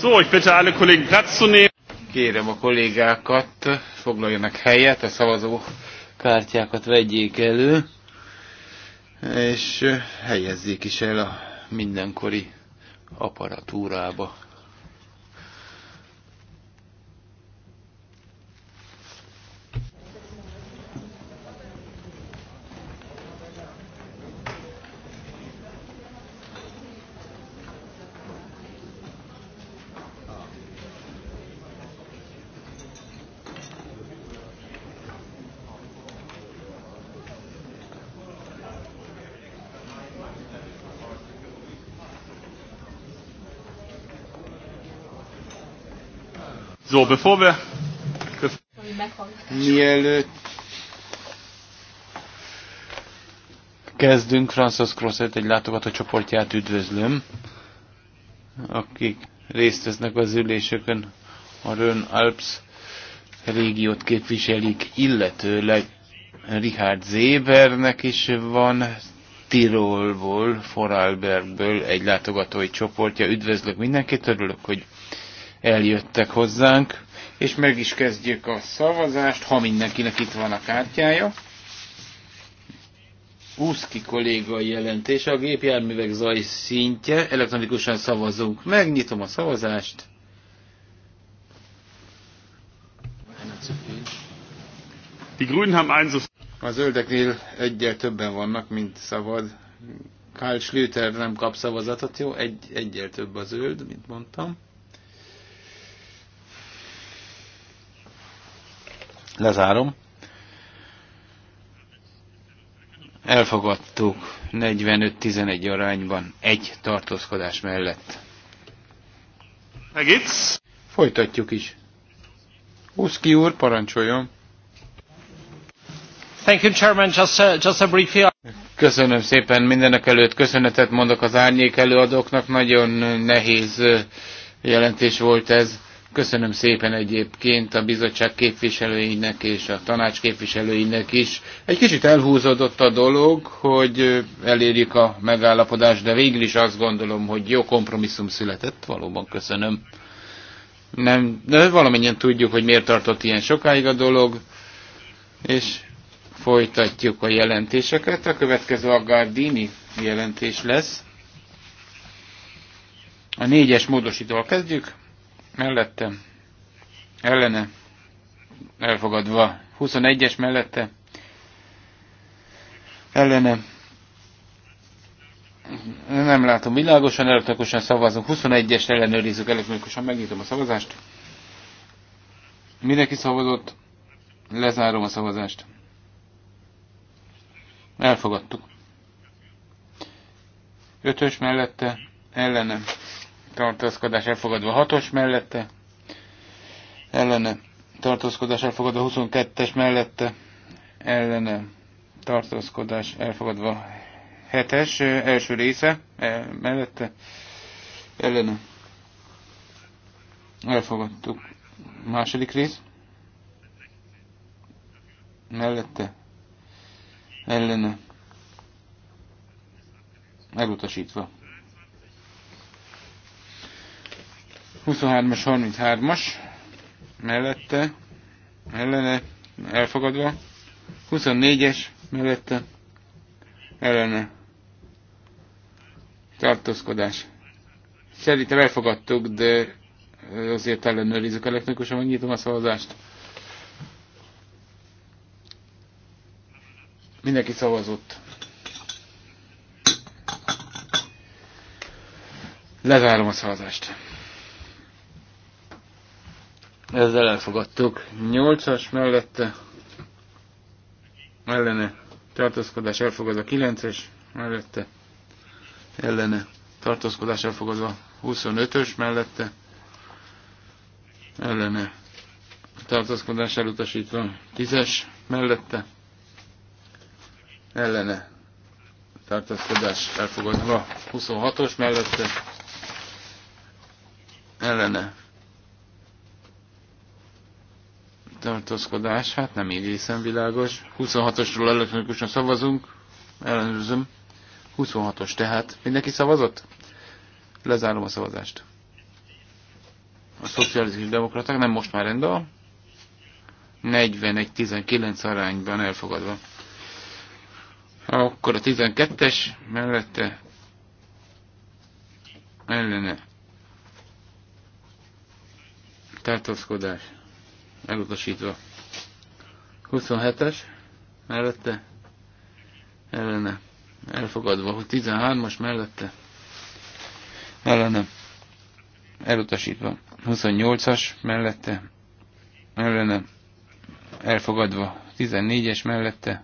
So, ich bitte alle Kollegen Platz zu nehmen. Kérem a kollégákat, foglaljanak helyet, a szavazó kártyákat vegyék elő, és helyezzék is el a mindenkori aparatúrába. So, bevor wir... Mielőtt kezdünk, Francis Crosset egy látogató csoportját üdvözlöm, akik részt vesznek az ülésökön a Rön Alps régiót képviselik, illetőleg Richard Zébernek is van Tirolból, Foralbergből egy látogatói csoportja. Üdvözlök mindenkit, örülök, hogy eljöttek hozzánk, és meg is kezdjük a szavazást, ha mindenkinek itt van a kártyája. Úszki kolléga jelentés a gépjárművek zaj szintje, elektronikusan szavazunk. Megnyitom a szavazást. a zöldeknél egyel többen vannak, mint szabad. Karl Schlüter nem kap szavazatot, jó? Egy, egyel több a zöld, mint mondtam. Lezárom. Elfogadtuk 45-11 arányban egy tartózkodás mellett. Megitsz? Folytatjuk is. Uszki úr, parancsoljon. Thank you, Chairman. Just a, just a brief... Köszönöm szépen mindenek előtt. Köszönetet mondok az árnyék előadóknak. Nagyon nehéz jelentés volt ez Köszönöm szépen egyébként a bizottság képviselőinek és a tanács képviselőinek is. Egy kicsit elhúzódott a dolog, hogy elérjük a megállapodást, de végül is azt gondolom, hogy jó kompromisszum született. Valóban köszönöm. Nem, de valamennyien tudjuk, hogy miért tartott ilyen sokáig a dolog, és folytatjuk a jelentéseket. A következő a Gardini jelentés lesz. A négyes módosítóval kezdjük mellette, ellene, elfogadva. 21-es mellette, ellene, nem látom világosan, erőtakosan szavazunk. 21 es ellenőrizzük elektronikusan, megnyitom a szavazást. Mindenki szavazott, lezárom a szavazást. Elfogadtuk. Ötös mellette ellenem tartózkodás elfogadva hatos mellette, ellene tartózkodás elfogadva 22-es mellette, ellene tartózkodás elfogadva 7-es első része e, mellette, ellene elfogadtuk második rész, mellette, ellene elutasítva. 23-as, 33-as mellette, ellene, elfogadva. 24-es mellette, ellene, tartózkodás. Szerintem elfogadtuk, de azért ellenőrizzük elektronikusan, nyitom a szavazást. Mindenki szavazott. Lezárom a szavazást. Ezzel elfogadtuk. 8-as mellette ellene tartózkodás elfogadva. 9-es mellette ellene tartózkodás elfogadva. 25-ös mellette ellene tartózkodás elutasítva. 10-es mellette ellene tartózkodás elfogadva. 26-os mellette ellene tartózkodás, hát nem egészen világos. 26-osról elektronikusan szavazunk, ellenőrzöm. 26-os tehát. Mindenki szavazott? Lezárom a szavazást. A szociális demokraták nem most már rendben. 41-19 arányban elfogadva. Akkor a 12-es mellette ellene tartózkodás elutasítva. 27-es, mellette, ellene, elfogadva. 13-as, mellette, ellene, elutasítva. 28-as, mellette, ellene, elfogadva. 14-es, mellette,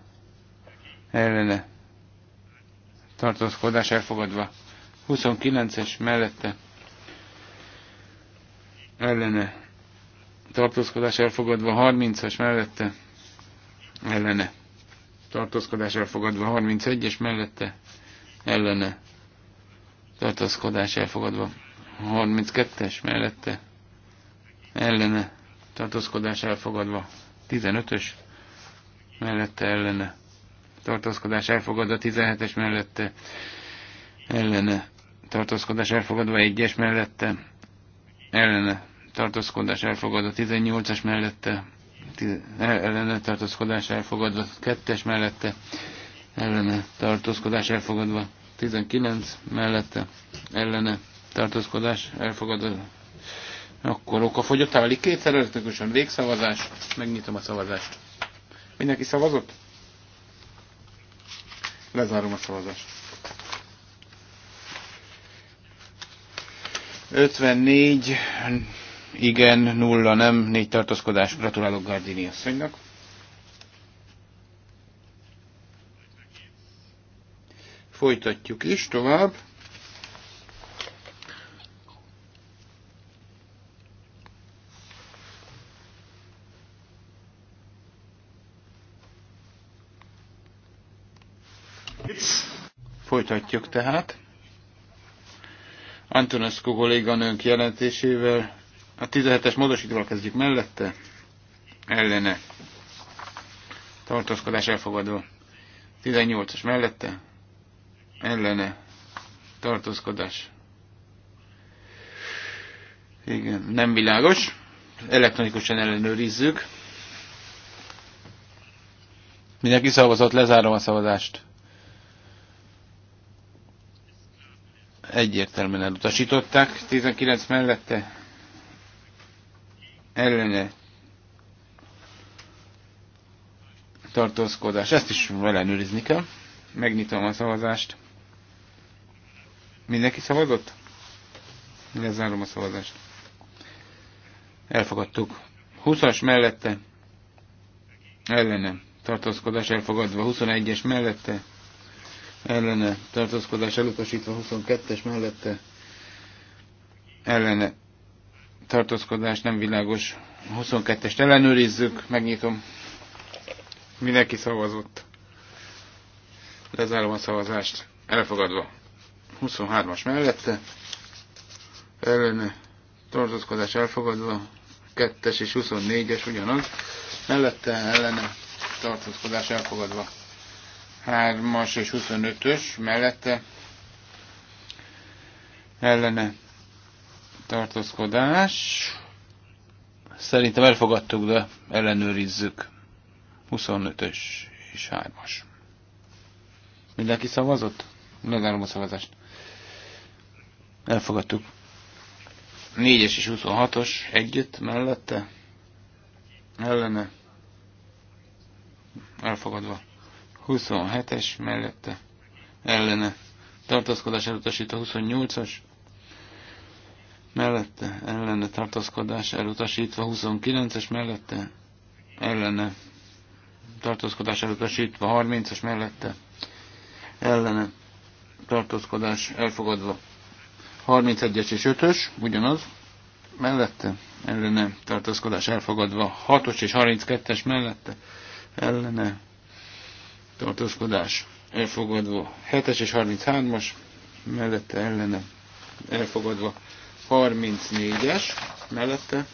ellene, tartózkodás elfogadva. 29-es, mellette, ellene, tartózkodás elfogadva 30-as mellette ellene. Tartózkodás elfogadva 31-es mellette ellene. Tartózkodás elfogadva 32-es mellette ellene. Tartózkodás elfogadva 15-ös mellette ellene. Tartózkodás elfogadva 17-es mellette ellene. Tartózkodás elfogadva 1-es mellette ellene tartózkodás elfogadva, 18-as mellette ellene tartózkodás elfogadva, 2-es mellette ellene tartózkodás elfogadva, 19 mellette ellene tartózkodás elfogadva. Akkor fogyott állni kétszer elektronikusan végszavazás. Megnyitom a szavazást. Mindenki szavazott? Lezárom a szavazást. 54 igen, nulla nem, négy tartózkodás. Gratulálok Gardini asszonynak. Folytatjuk is tovább. Folytatjuk tehát. Antonescu kolléganőnk jelentésével a 17-es módosítóval kezdjük mellette, ellene, tartózkodás elfogadó. 18-as mellette, ellene, tartózkodás. Igen, nem világos. Elektronikusan ellenőrizzük. Mindenki szavazott, lezárom a szavazást. Egyértelműen elutasították, 19 mellette ellene tartózkodás. Ezt is ellenőrizni kell. Megnyitom a szavazást. Mindenki szavazott? Lezárom a szavazást. Elfogadtuk. 20-as mellette ellene tartózkodás elfogadva, 21-es mellette ellene tartózkodás elutasítva, 22-es mellette ellene tartózkodás nem világos. 22-est ellenőrizzük, megnyitom. Mindenki szavazott. Lezárom a szavazást. Elfogadva. 23-as mellette. Ellene tartózkodás elfogadva. 2-es és 24-es ugyanaz. Mellette ellene tartózkodás elfogadva. 3-as és 25-ös mellette ellene tartózkodás. Szerintem elfogadtuk, de ellenőrizzük. 25-ös és 3-as. Mindenki szavazott? Megállom a szavazást. Elfogadtuk. 4-es és 26-os együtt mellette. Ellene. Elfogadva. 27-es mellette. Ellene. Tartózkodás elutasít a 28-as mellette ellene tartózkodás elutasítva, 29-es mellette ellene tartózkodás elutasítva, 30-as mellette ellene tartózkodás elfogadva, 31-es és 5-ös ugyanaz, mellette ellene tartózkodás elfogadva, 6-os és 32-es mellette ellene tartózkodás elfogadva, 7-es és 33-as mellette ellene elfogadva, 34-es mellette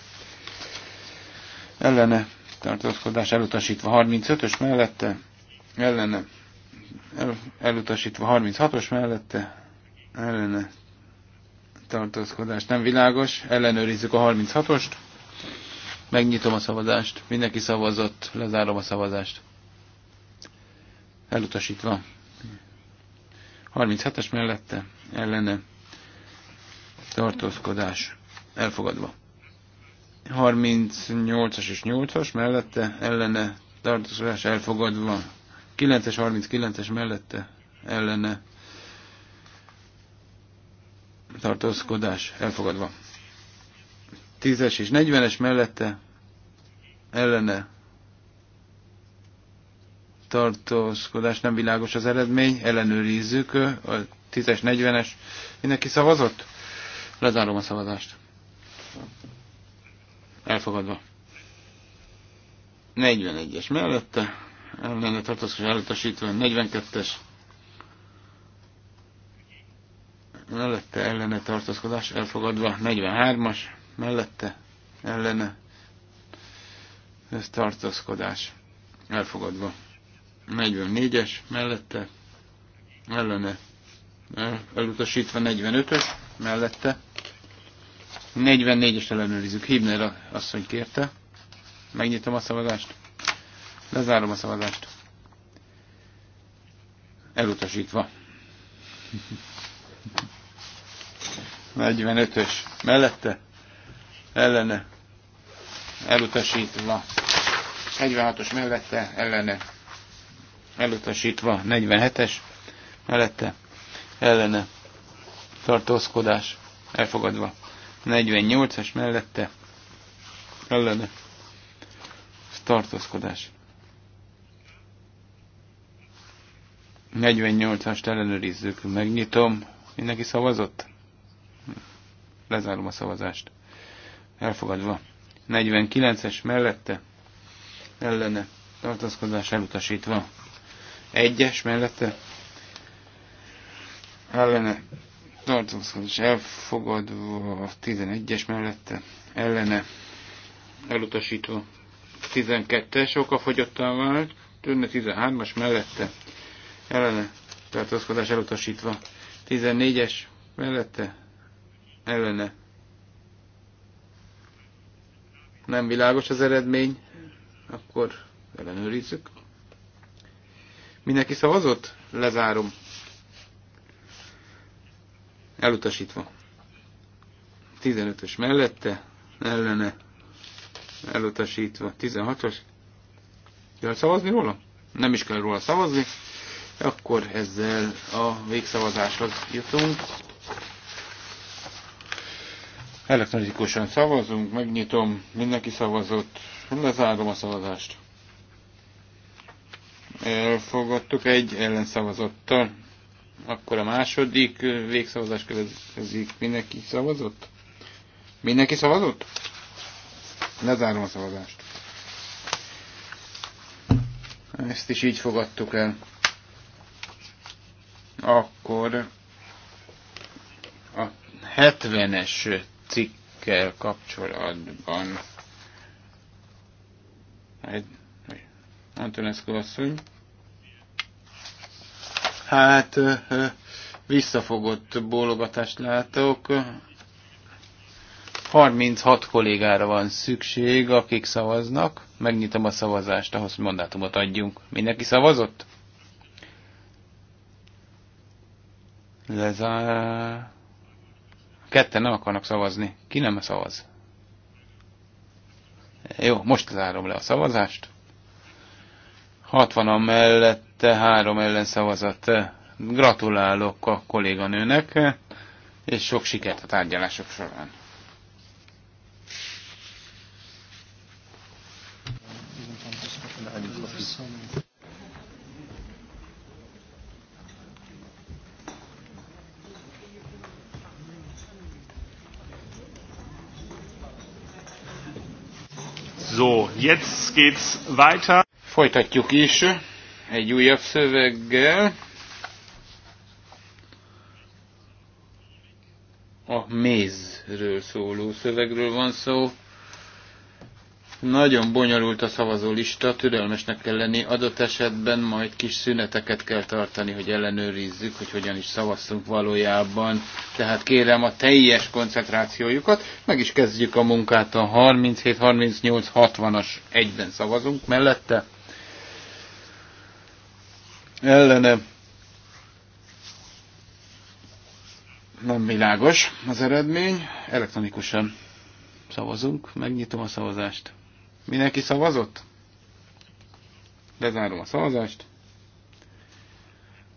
ellene tartózkodás elutasítva 35-ös mellette ellene el, elutasítva 36-os mellette ellene tartózkodás nem világos, ellenőrizzük a 36-ost, megnyitom a szavazást, mindenki szavazott, lezárom a szavazást. Elutasítva. 37-es mellette ellene tartózkodás elfogadva. 38-as és 8-as mellette ellene tartózkodás elfogadva. 9-es, 39-es mellette ellene tartózkodás elfogadva. 10-es és 40-es mellette ellene tartózkodás, nem világos az eredmény, ellenőrizzük, a 10-es, 40-es, mindenki szavazott? Lezárom a szavazást. Elfogadva. 41-es mellette, ellene tartozás elutasítva, 42-es mellette ellene tartózkodás elfogadva, 43-as mellette ellene ez tartózkodás elfogadva, 44-es mellette ellene elutasítva, 45-ös mellette. 44-est ellenőrizzük. Hibner asszony kérte. Megnyitom a szavazást. Lezárom a szavazást. Elutasítva. 45-ös. Mellette? Ellene. Elutasítva. 46-os mellette, ellene. Elutasítva. 47-es. Mellette. Ellene tartózkodás elfogadva. 48-as mellette ellene tartózkodás. 48-ast ellenőrizzük, megnyitom. Mindenki szavazott? Lezárom a szavazást. Elfogadva. 49-es mellette ellene tartózkodás elutasítva. 1-es mellette ellene tartózkodás elfogadva a 11-es mellette ellene elutasítva 12-es okafogyottá vált, tűnne 13-as mellette ellene tartózkodás elutasítva 14-es mellette ellene nem világos az eredmény, akkor ellenőrizzük. Mindenki szavazott? Lezárom elutasítva. 15-ös mellette, ellene, elutasítva. 16-os, kell szavazni róla? Nem is kell róla szavazni. Akkor ezzel a végszavazáshoz jutunk. Elektronikusan szavazunk, megnyitom, mindenki szavazott, lezárom a szavazást. Elfogadtuk egy ellenszavazottal. Akkor a második végszavazás következik. Mindenki szavazott? Mindenki szavazott? Lezárom a szavazást. Ezt is így fogadtuk el. Akkor a 70-es cikkkel kapcsolatban Antonescu asszony. Hát visszafogott bólogatást látok. 36 kollégára van szükség, akik szavaznak. Megnyitom a szavazást, ahhoz, hogy mandátumot adjunk. Mindenki szavazott? Lezár... Ketten nem akarnak szavazni. Ki nem szavaz? Jó, most zárom le a szavazást. 60 mellette három ellenszavazat. Gratulálok a kolléganőnek, és sok sikert a tárgyalások során. So, jetzt geht's weiter. Folytatjuk is egy újabb szöveggel. A mézről szóló szövegről van szó. Nagyon bonyolult a szavazólista, türelmesnek kell lenni, adott esetben majd kis szüneteket kell tartani, hogy ellenőrizzük, hogy hogyan is szavaztunk valójában. Tehát kérem a teljes koncentrációjukat, meg is kezdjük a munkát a 37, 38, 60-as egyben szavazunk mellette ellene nem világos az eredmény. Elektronikusan szavazunk, megnyitom a szavazást. Mindenki szavazott? Lezárom a szavazást.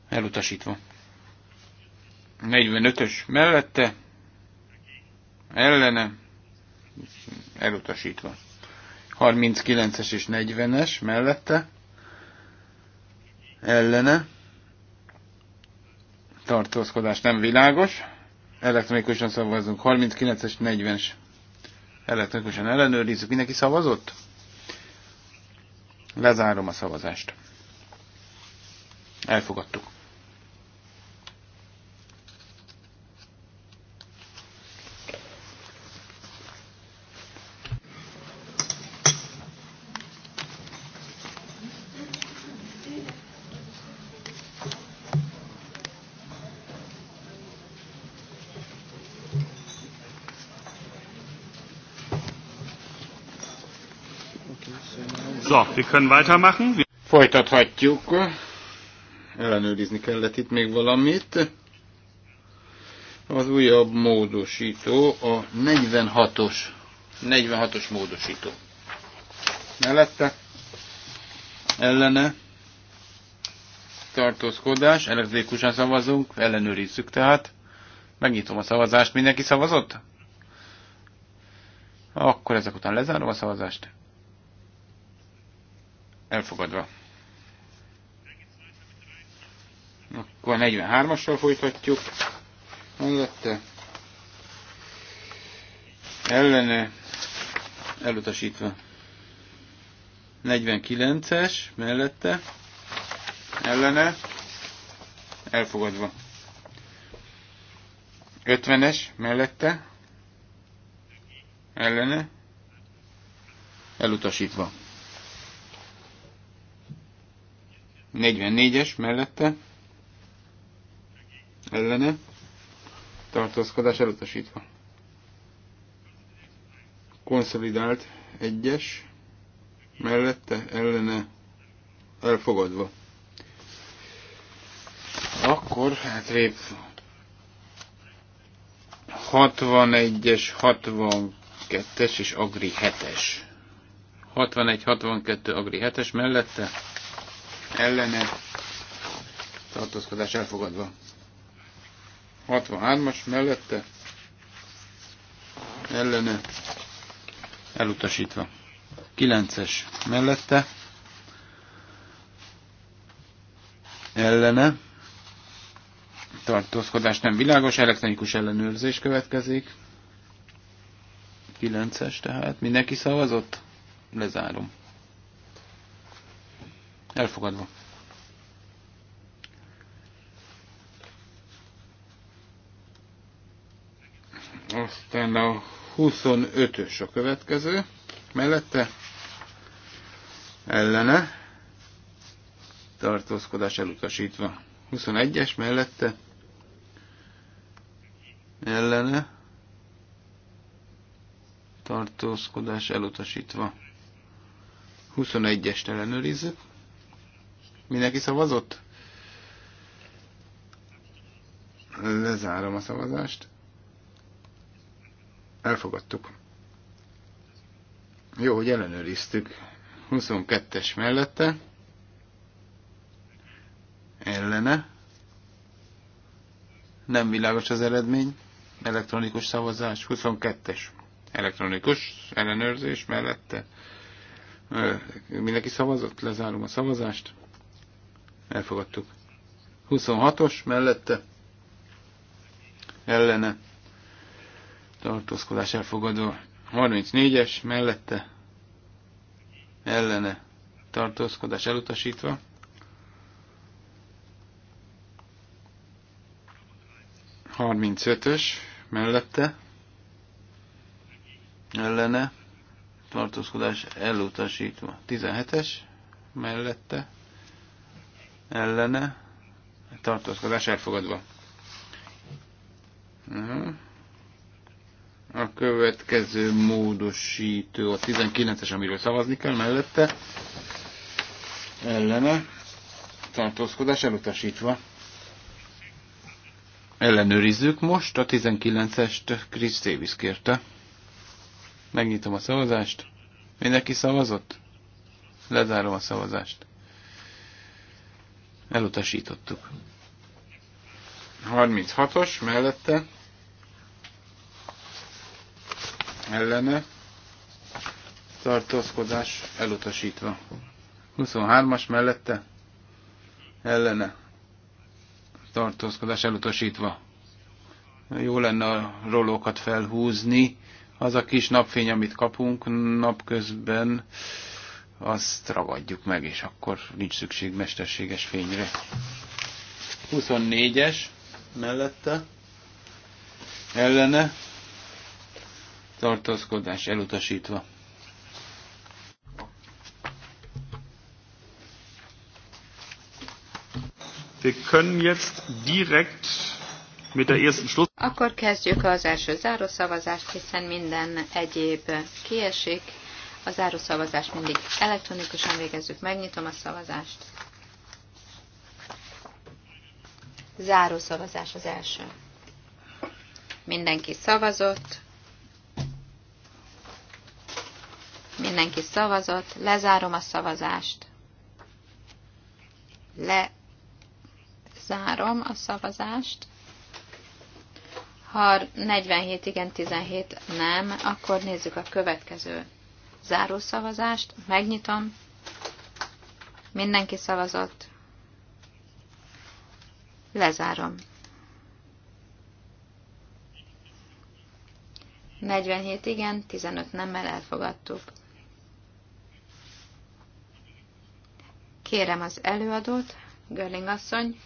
Elutasítva. 45-ös mellette, ellene, elutasítva. 39-es és 40-es mellette, ellene tartózkodás nem világos. Elektronikusan szavazunk. 39-es, 40-es. Elektronikusan ellenőrizzük. Mindenki szavazott? Lezárom a szavazást. Elfogadtuk. Wir können weitermachen. Folytathatjuk. Ellenőrizni kellett itt még valamit. Az újabb módosító a 46-os. 46-os módosító. Mellette ellene tartózkodás, elektrikusan szavazunk, ellenőrizzük tehát. Megnyitom a szavazást, mindenki szavazott? Akkor ezek után lezárom a szavazást. Elfogadva. Akkor 43-assal folytatjuk. Mellette. Ellene. Elutasítva. 49-es. Mellette. Ellene. Elfogadva. 50-es. Mellette. Ellene. Elutasítva. 44-es mellette ellene tartózkodás elutasítva. Konszolidált 1-es mellette ellene elfogadva. Akkor hát rép 61-es, 62-es és Agri 7-es. 61-62 Agri 7-es mellette ellene tartózkodás elfogadva. 63-as mellette ellene elutasítva. 9-es mellette ellene tartózkodás nem világos, elektronikus ellenőrzés következik. 9-es tehát. Mindenki szavazott? Lezárom. Elfogadva. Aztán a 25-ös a következő. Mellette ellene tartózkodás elutasítva. 21-es mellette ellene tartózkodás elutasítva. 21-est ellenőrizzük. Mindenki szavazott? Lezárom a szavazást. Elfogadtuk. Jó, hogy ellenőriztük. 22-es mellette. Ellene. Nem világos az eredmény. Elektronikus szavazás. 22-es. Elektronikus ellenőrzés mellette. Mindenki szavazott? Lezárom a szavazást. Elfogadtuk. 26-os mellette ellene tartózkodás elfogadó. 34-es mellette ellene tartózkodás elutasítva. 35-ös mellette ellene tartózkodás elutasítva. 17-es mellette ellene tartózkodás elfogadva. A következő módosító a 19-es, amiről szavazni kell mellette. Ellene tartózkodás elutasítva. Ellenőrizzük most a 19-est Chris Davis kérte. Megnyitom a szavazást. Mindenki szavazott? Lezárom a szavazást. Elutasítottuk. 36-os mellette ellene tartózkodás elutasítva. 23-as mellette ellene tartózkodás elutasítva. Jó lenne a rolókat felhúzni. Az a kis napfény, amit kapunk napközben, azt ragadjuk meg, és akkor nincs szükség mesterséges fényre. 24-es mellette ellene tartózkodás elutasítva. Wir können jetzt direkt mit der ersten Schluss. Akkor kezdjük az első zárószavazást, hiszen minden egyéb kiesik. A záró szavazást mindig elektronikusan végezzük. Megnyitom a szavazást. Záró szavazás az első. Mindenki szavazott. Mindenki szavazott. Lezárom a szavazást. Le zárom a szavazást. Ha 47 igen, 17 nem, akkor nézzük a következő Záró szavazást, megnyitom. Mindenki szavazott. Lezárom. 47 igen, 15 nemmel elfogadtuk. Kérem az előadót, Görling asszony.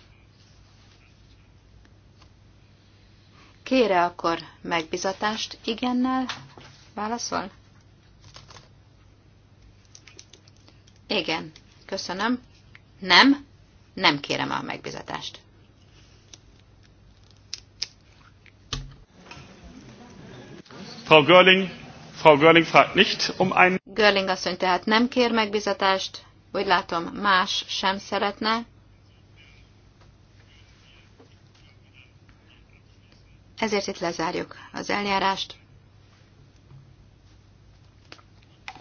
Kére akkor megbizatást igennel? Válaszol? Igen, köszönöm. Nem, nem kérem a megbizatást. Frau Görling, Frau Görling fragt nicht um ein. Görling asszony tehát nem kér megbizatást, úgy látom más sem szeretne. Ezért itt lezárjuk az eljárást,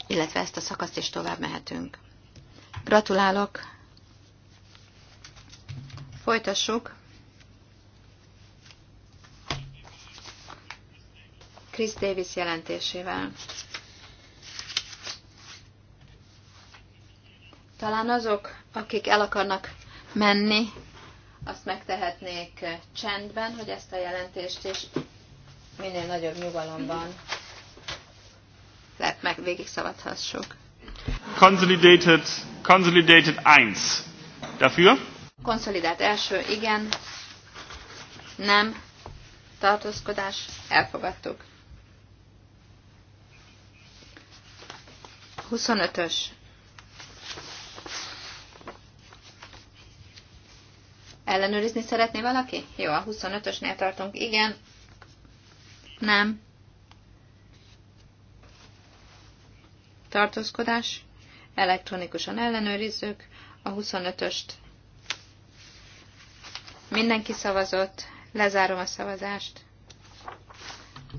illetve ezt a szakaszt is tovább mehetünk. Gratulálok. Folytassuk. Chris Davis jelentésével. Talán azok, akik el akarnak menni, azt megtehetnék csendben, hogy ezt a jelentést is minél nagyobb nyugalomban lehet meg végig szavathassuk. Consolidated Consolidated 1. Dafür? Konszolidált első, igen. Nem. Tartózkodás. Elfogadtuk. 25-ös. Ellenőrizni szeretné valaki? Jó, a 25-ösnél tartunk. Igen. Nem. Tartózkodás elektronikusan ellenőrizzük a 25-öst. Mindenki szavazott, lezárom a szavazást.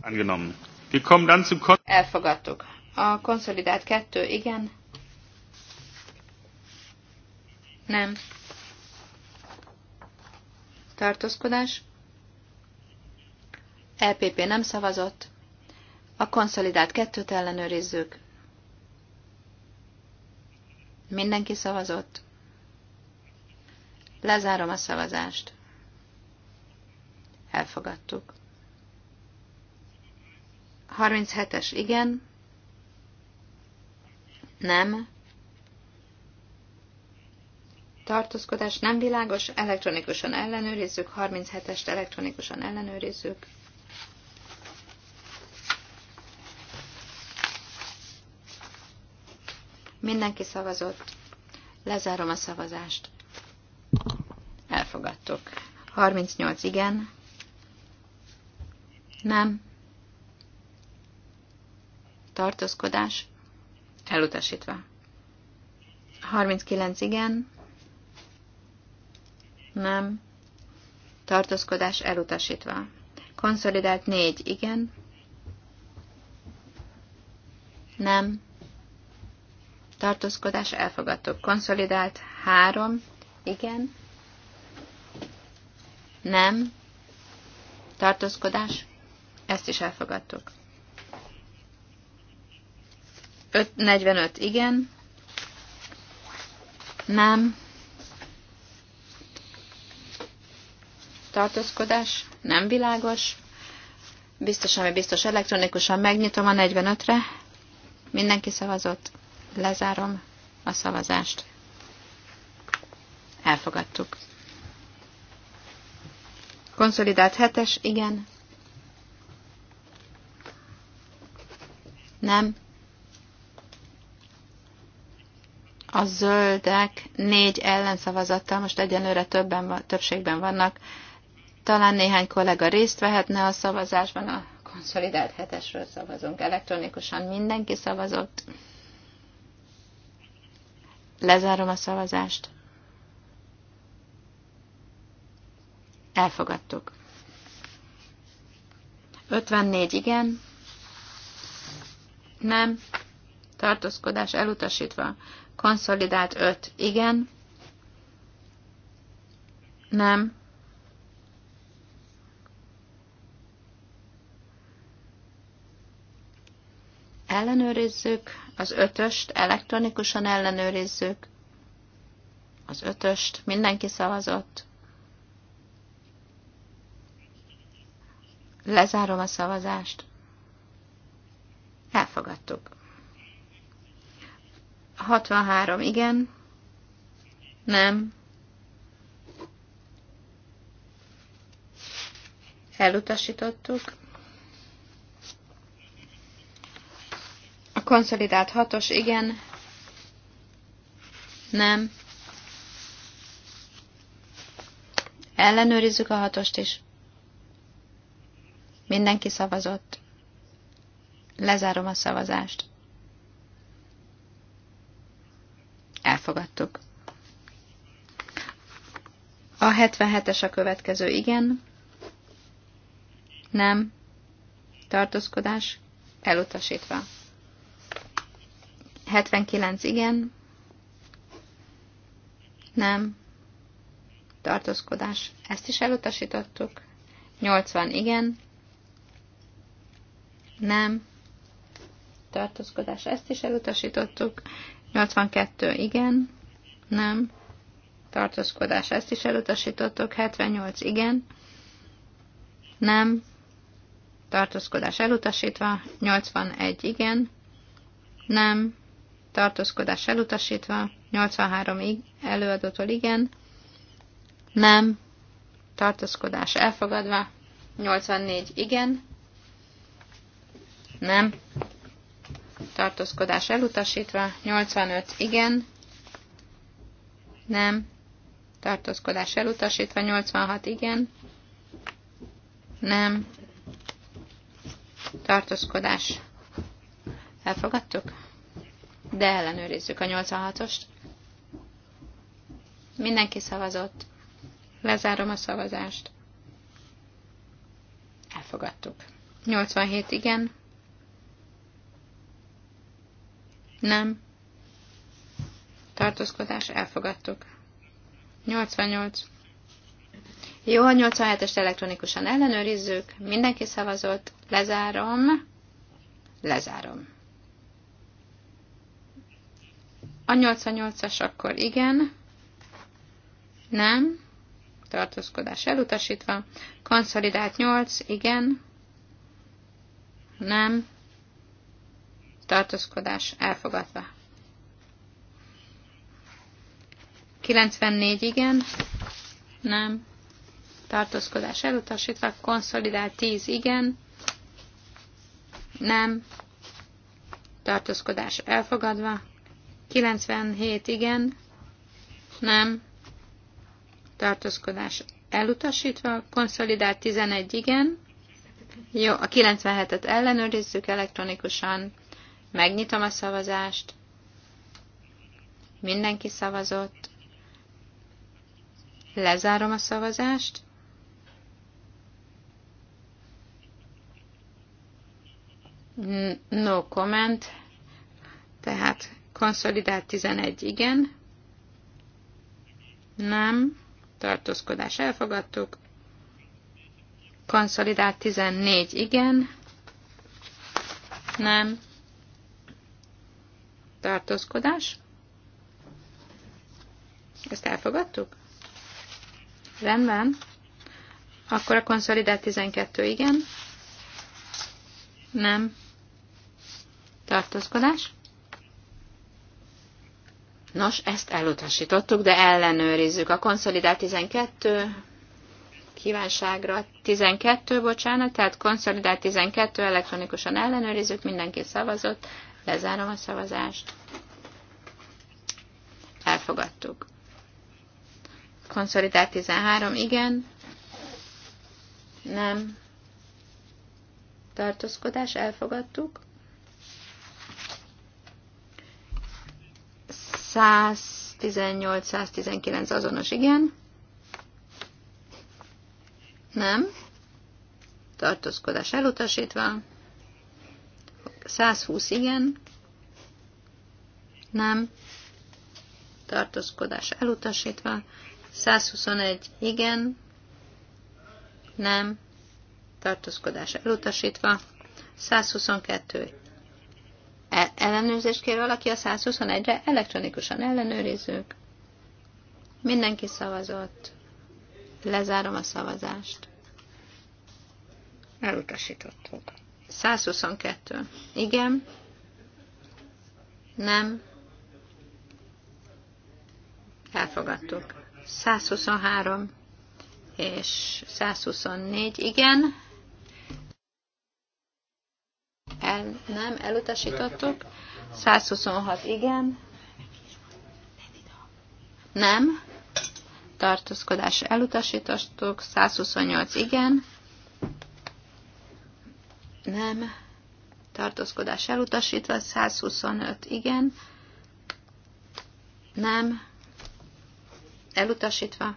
Angenommen. Wir kommen dann zum Kon Elfogadtuk. A konszolidált kettő, igen. Nem. Tartózkodás. LPP e nem szavazott. A konszolidált kettőt ellenőrizzük. Mindenki szavazott? Lezárom a szavazást. Elfogadtuk. 37-es igen. Nem. Tartózkodás nem világos, elektronikusan ellenőrizzük, 37-est elektronikusan ellenőrizzük. Mindenki szavazott. Lezárom a szavazást. Elfogadtuk. 38 igen. Nem. Tartózkodás. Elutasítva. 39 igen. Nem. Tartózkodás elutasítva. Konszolidált 4 igen. Nem tartózkodás elfogadtuk. Konszolidált három, igen, nem, tartózkodás, ezt is elfogadtuk. 5, 45, igen, nem, tartózkodás, nem világos, biztos, ami biztos elektronikusan megnyitom a 45-re, mindenki szavazott. Lezárom a szavazást. Elfogadtuk. Konszolidált hetes, igen. Nem. A zöldek négy ellenszavazattal, most egyenlőre többen, többségben vannak. Talán néhány kollega részt vehetne a szavazásban, a konszolidált hetesről szavazunk elektronikusan. Mindenki szavazott. Lezárom a szavazást. Elfogadtuk. 54 igen. Nem. Tartózkodás elutasítva. Konszolidált 5 igen. Nem ellenőrizzük, az ötöst elektronikusan ellenőrizzük, az ötöst mindenki szavazott. Lezárom a szavazást. Elfogadtuk. 63 igen, nem, elutasítottuk. Konszolidált hatos, igen. Nem. Ellenőrizzük a hatost is. Mindenki szavazott. Lezárom a szavazást. Elfogadtuk. A 77-es a következő, igen. Nem. Tartózkodás elutasítva. 79 igen. Nem. Tartózkodás. Ezt is elutasítottuk. 80 igen. Nem. Tartózkodás. Ezt is elutasítottuk. 82 igen. Nem. Tartózkodás. Ezt is elutasítottuk. 78 igen. Nem. Tartózkodás elutasítva. 81 igen. Nem tartózkodás elutasítva, 83 előadótól igen, nem, tartózkodás elfogadva, 84 igen, nem, tartózkodás elutasítva, 85 igen, nem, tartózkodás elutasítva, 86 igen, nem, tartózkodás. Elfogadtuk? de ellenőrizzük a 86-ost. Mindenki szavazott. Lezárom a szavazást. Elfogadtuk. 87 igen. Nem. Tartózkodás elfogadtuk. 88. Jó, a 87-est elektronikusan ellenőrizzük. Mindenki szavazott. Lezárom. Lezárom. A 88-as akkor igen, nem, tartózkodás elutasítva. Konszolidált 8, igen, nem, tartózkodás elfogadva. 94 igen, nem, tartózkodás elutasítva, konszolidált 10 igen, nem, tartózkodás elfogadva, 97 igen, nem, tartózkodás elutasítva, konszolidált 11 igen, jó, a 97-et ellenőrizzük elektronikusan, megnyitom a szavazást, mindenki szavazott, lezárom a szavazást, no comment, tehát Konszolidált 11 igen. Nem. Tartózkodás elfogadtuk. Konszolidált 14 igen. Nem. Tartózkodás. Ezt elfogadtuk? Rendben. Akkor a konszolidált 12 igen. Nem. Tartózkodás. Nos, ezt elutasítottuk, de ellenőrizzük. A konszolidált 12 kívánságra 12, bocsánat, tehát konszolidált 12 elektronikusan ellenőrizzük, mindenki szavazott, lezárom a szavazást. Elfogadtuk. Konszolidált 13, igen. Nem. Tartózkodás, elfogadtuk. 118-119 azonos, igen. Nem. Tartózkodás elutasítva. 120 igen. Nem. Tartózkodás elutasítva. 121 igen. Nem. Tartózkodás elutasítva. 122 E, ellenőrzést kér valaki a 121-re, elektronikusan ellenőrizzük. Mindenki szavazott. Lezárom a szavazást. Elutasítottuk. 122. Igen. Nem. Elfogadtuk. 123 és 124. Igen. el, nem, elutasítottuk. 126 igen, nem, tartózkodás elutasítottuk. 128 igen, nem, tartózkodás elutasítva. 125 igen, nem, elutasítva.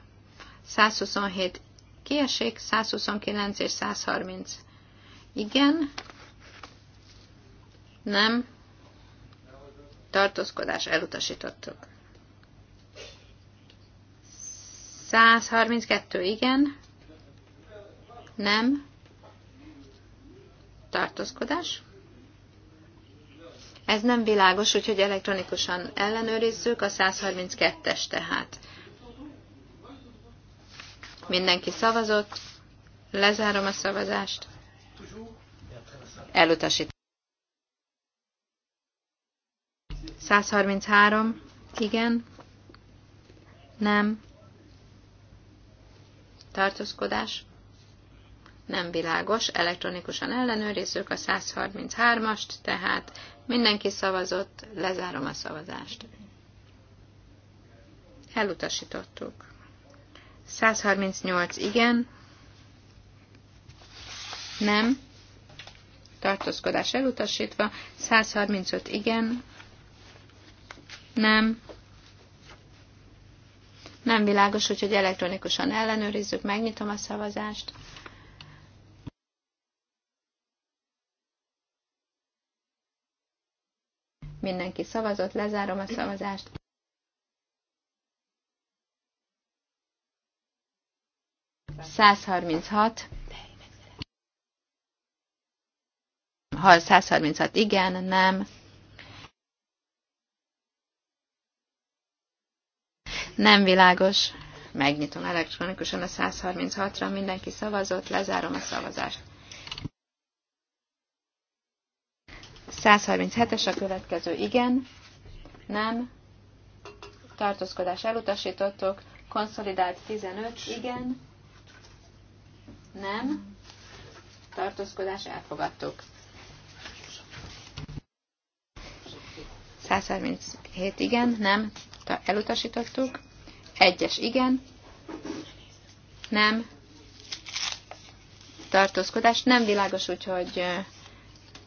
127 kiesik, 129 és 130. Igen, nem. Tartózkodás elutasítottuk. 132 igen. Nem. Tartózkodás. Ez nem világos, úgyhogy elektronikusan ellenőrizzük a 132-es tehát. Mindenki szavazott. Lezárom a szavazást. Elutasítom. 133. Igen. Nem. Tartózkodás. Nem világos. Elektronikusan ellenőrizzük a 133-ast, tehát mindenki szavazott, lezárom a szavazást. Elutasítottuk. 138 igen, nem, tartózkodás elutasítva, 135 igen, nem. Nem világos, úgyhogy elektronikusan ellenőrizzük, megnyitom a szavazást. Mindenki szavazott, lezárom a szavazást. Százharminchat. 136 igen, nem, Nem világos. Megnyitom elektronikusan a 136-ra, mindenki szavazott, lezárom a szavazást. 137-es a következő igen, nem, tartózkodás elutasítottok, konszolidált 15, igen, nem, tartózkodás elfogadtuk. 137 igen, nem, elutasítottuk. Egyes igen, nem, tartózkodás. Nem világos, úgyhogy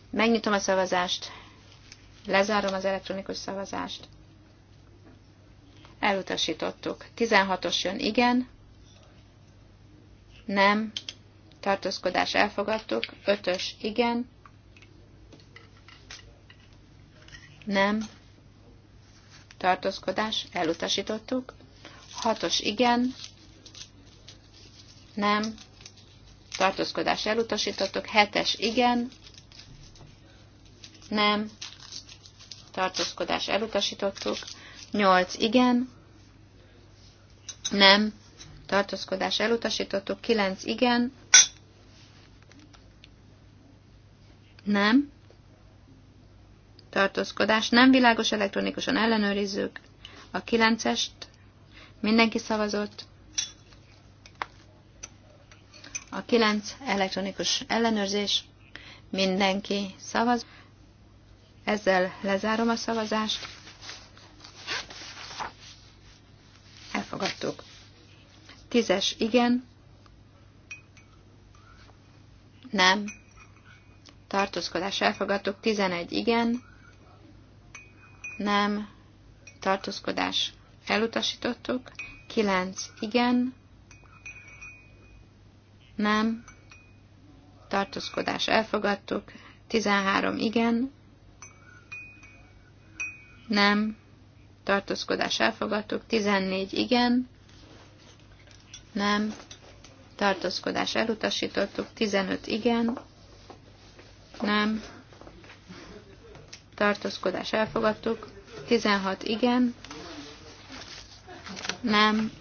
megnyitom a szavazást, lezárom az elektronikus szavazást. Elutasítottuk. 16-os jön igen, nem, tartózkodás elfogadtuk, 5-ös igen, nem, tartózkodás elutasítottuk, Hatos igen, nem, tartózkodás elutasítottuk. Hetes igen, nem, tartózkodás elutasítottuk. Nyolc igen, nem, tartózkodás elutasítottuk. Kilenc igen, nem, tartózkodás, nem világos elektronikusan ellenőrizzük. A kilencest Mindenki szavazott. A kilenc elektronikus ellenőrzés. Mindenki szavaz. Ezzel lezárom a szavazást. Elfogadtuk. Tízes igen. Nem. Tartózkodás elfogadtuk. Tizenegy igen. Nem. Tartózkodás Elutasítottuk. 9. Igen. Nem. Tartózkodás elfogadtuk. 13. Igen. Nem. Tartózkodás elfogadtuk. 14. Igen. Nem. Tartózkodás elutasítottuk. 15. Igen. Nem. Tartózkodás elfogadtuk. 16. Igen nem,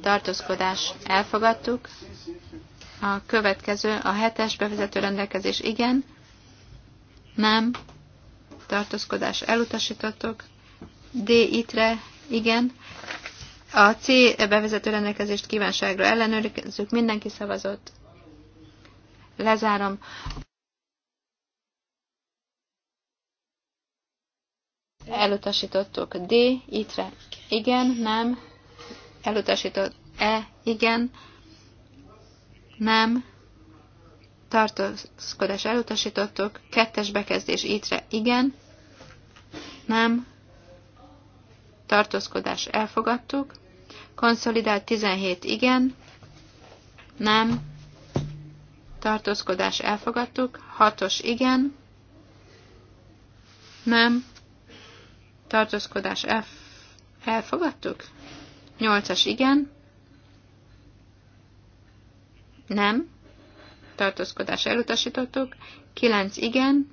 tartózkodás elfogadtuk. A következő, a hetes bevezető rendelkezés igen, nem, tartózkodás elutasítottuk. D itre igen. A C bevezető rendelkezést kívánságra ellenőrizzük, mindenki szavazott. Lezárom. Elutasítottuk. D, itre. Igen, nem, elutasított, e, igen, nem, tartózkodás elutasítottuk, kettes bekezdés ítre, igen, nem, tartózkodás elfogadtuk, konszolidált 17, igen, nem, tartózkodás elfogadtuk, hatos, igen, nem, tartózkodás elf- elfogadtuk? Nyolcas igen. Nem. Tartózkodás elutasítottuk. Kilenc igen.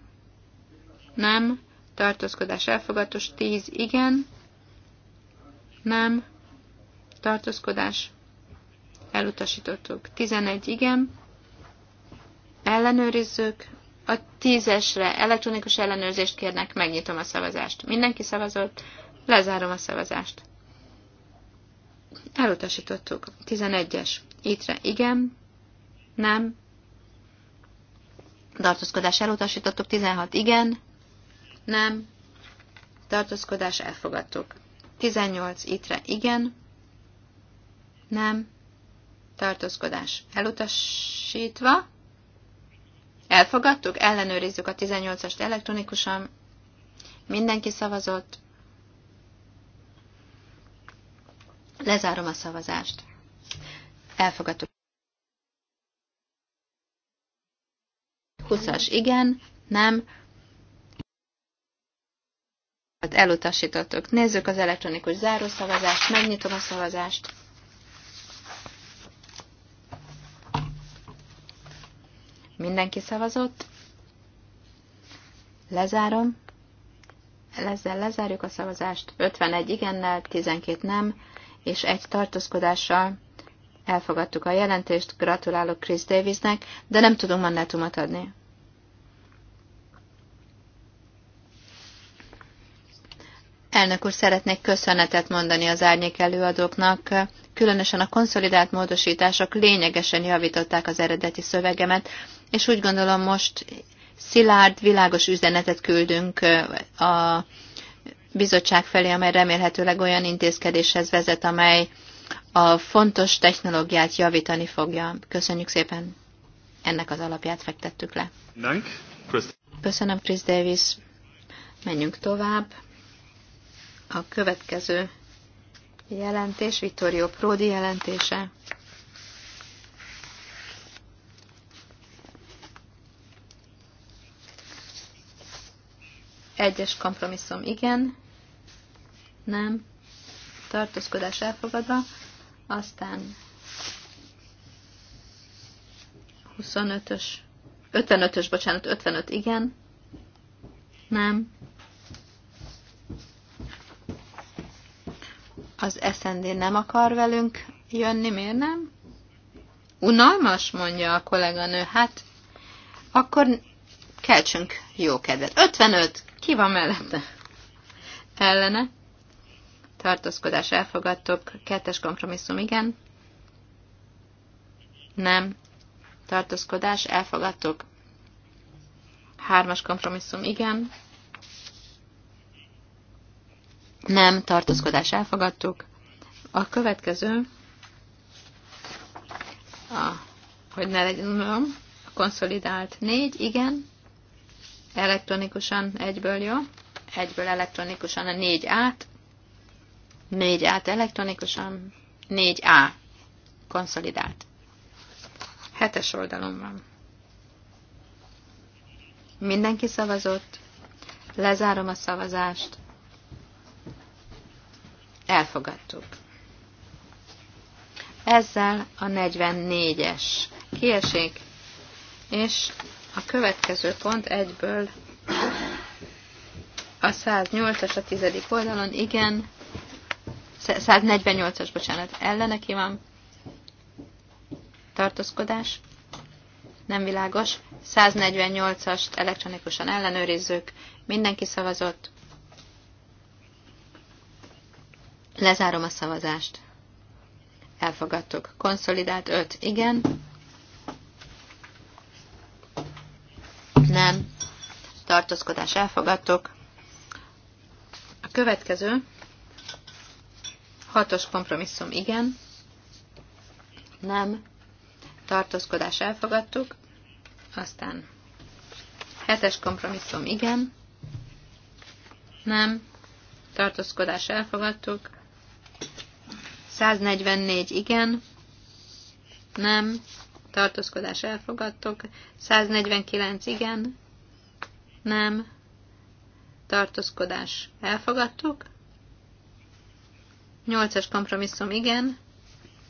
Nem. Tartózkodás elfogatos. Tíz igen. Nem. Tartózkodás elutasítottuk. Tizenegy igen. Ellenőrizzük. A tízesre elektronikus ellenőrzést kérnek, megnyitom a szavazást. Mindenki szavazott, lezárom a szavazást. Elutasítottuk. 11-es. Étre igen, nem. Tartózkodás elutasítottuk. 16 igen, nem. Tartózkodás elfogadtuk. 18 itre igen, nem. Tartózkodás elutasítva. Elfogadtuk, ellenőrizzük a 18-ast elektronikusan. Mindenki szavazott. Lezárom a szavazást. Elfogadtuk. 20-as igen, nem. Hát elutasítottuk. Nézzük az elektronikus zárószavazást, megnyitom a szavazást. Mindenki szavazott. Lezárom. Ezzel lezárjuk a szavazást. 51 igennel, 12 nem és egy tartózkodással elfogadtuk a jelentést, gratulálok Chris Davisnek, de nem tudunk mandátumot adni. Elnök úr, szeretnék köszönetet mondani az árnyék előadóknak. Különösen a konszolidált módosítások lényegesen javították az eredeti szövegemet, és úgy gondolom most szilárd, világos üzenetet küldünk a bizottság felé, amely remélhetőleg olyan intézkedéshez vezet, amely a fontos technológiát javítani fogja. Köszönjük szépen, ennek az alapját fektettük le. Köszönöm, Chris Davis. Menjünk tovább. A következő jelentés, Vittorio Prodi jelentése. Egyes kompromisszum igen, nem, tartózkodás elfogadva, aztán 25-ös, 55-ös, bocsánat, 55 igen, nem, az SND nem akar velünk jönni, miért nem? Unalmas, mondja a kolléganő, hát akkor keltsünk jó kedvet. 55, ki van mellette? Ellene. Tartózkodás elfogadtok. Kettes kompromisszum igen. Nem. Tartózkodás elfogadtok. Hármas kompromisszum igen. Nem. Tartózkodás elfogadtuk. A következő, a, hogy ne legyen a konszolidált négy, igen elektronikusan egyből, jó? Egyből elektronikusan a 4 át, 4 át elektronikusan, 4 A konszolidált. Hetes oldalon van. Mindenki szavazott. Lezárom a szavazást. Elfogadtuk. Ezzel a 44-es kiesik, és a következő pont egyből a 108-as a tizedik oldalon, igen, 148-as, bocsánat, ellene ki van, tartózkodás, nem világos, 148-ast elektronikusan ellenőrizzük, mindenki szavazott, lezárom a szavazást, elfogadtuk, konszolidált 5, igen, tartózkodás elfogadtok. A következő, hatos kompromisszum igen, nem, tartózkodás elfogadtuk, aztán hetes kompromisszum igen, nem, tartózkodás elfogadtuk, 144 igen, nem, tartózkodás elfogadtuk, 149 igen, nem, tartózkodás elfogadtuk, nyolcas kompromisszum igen,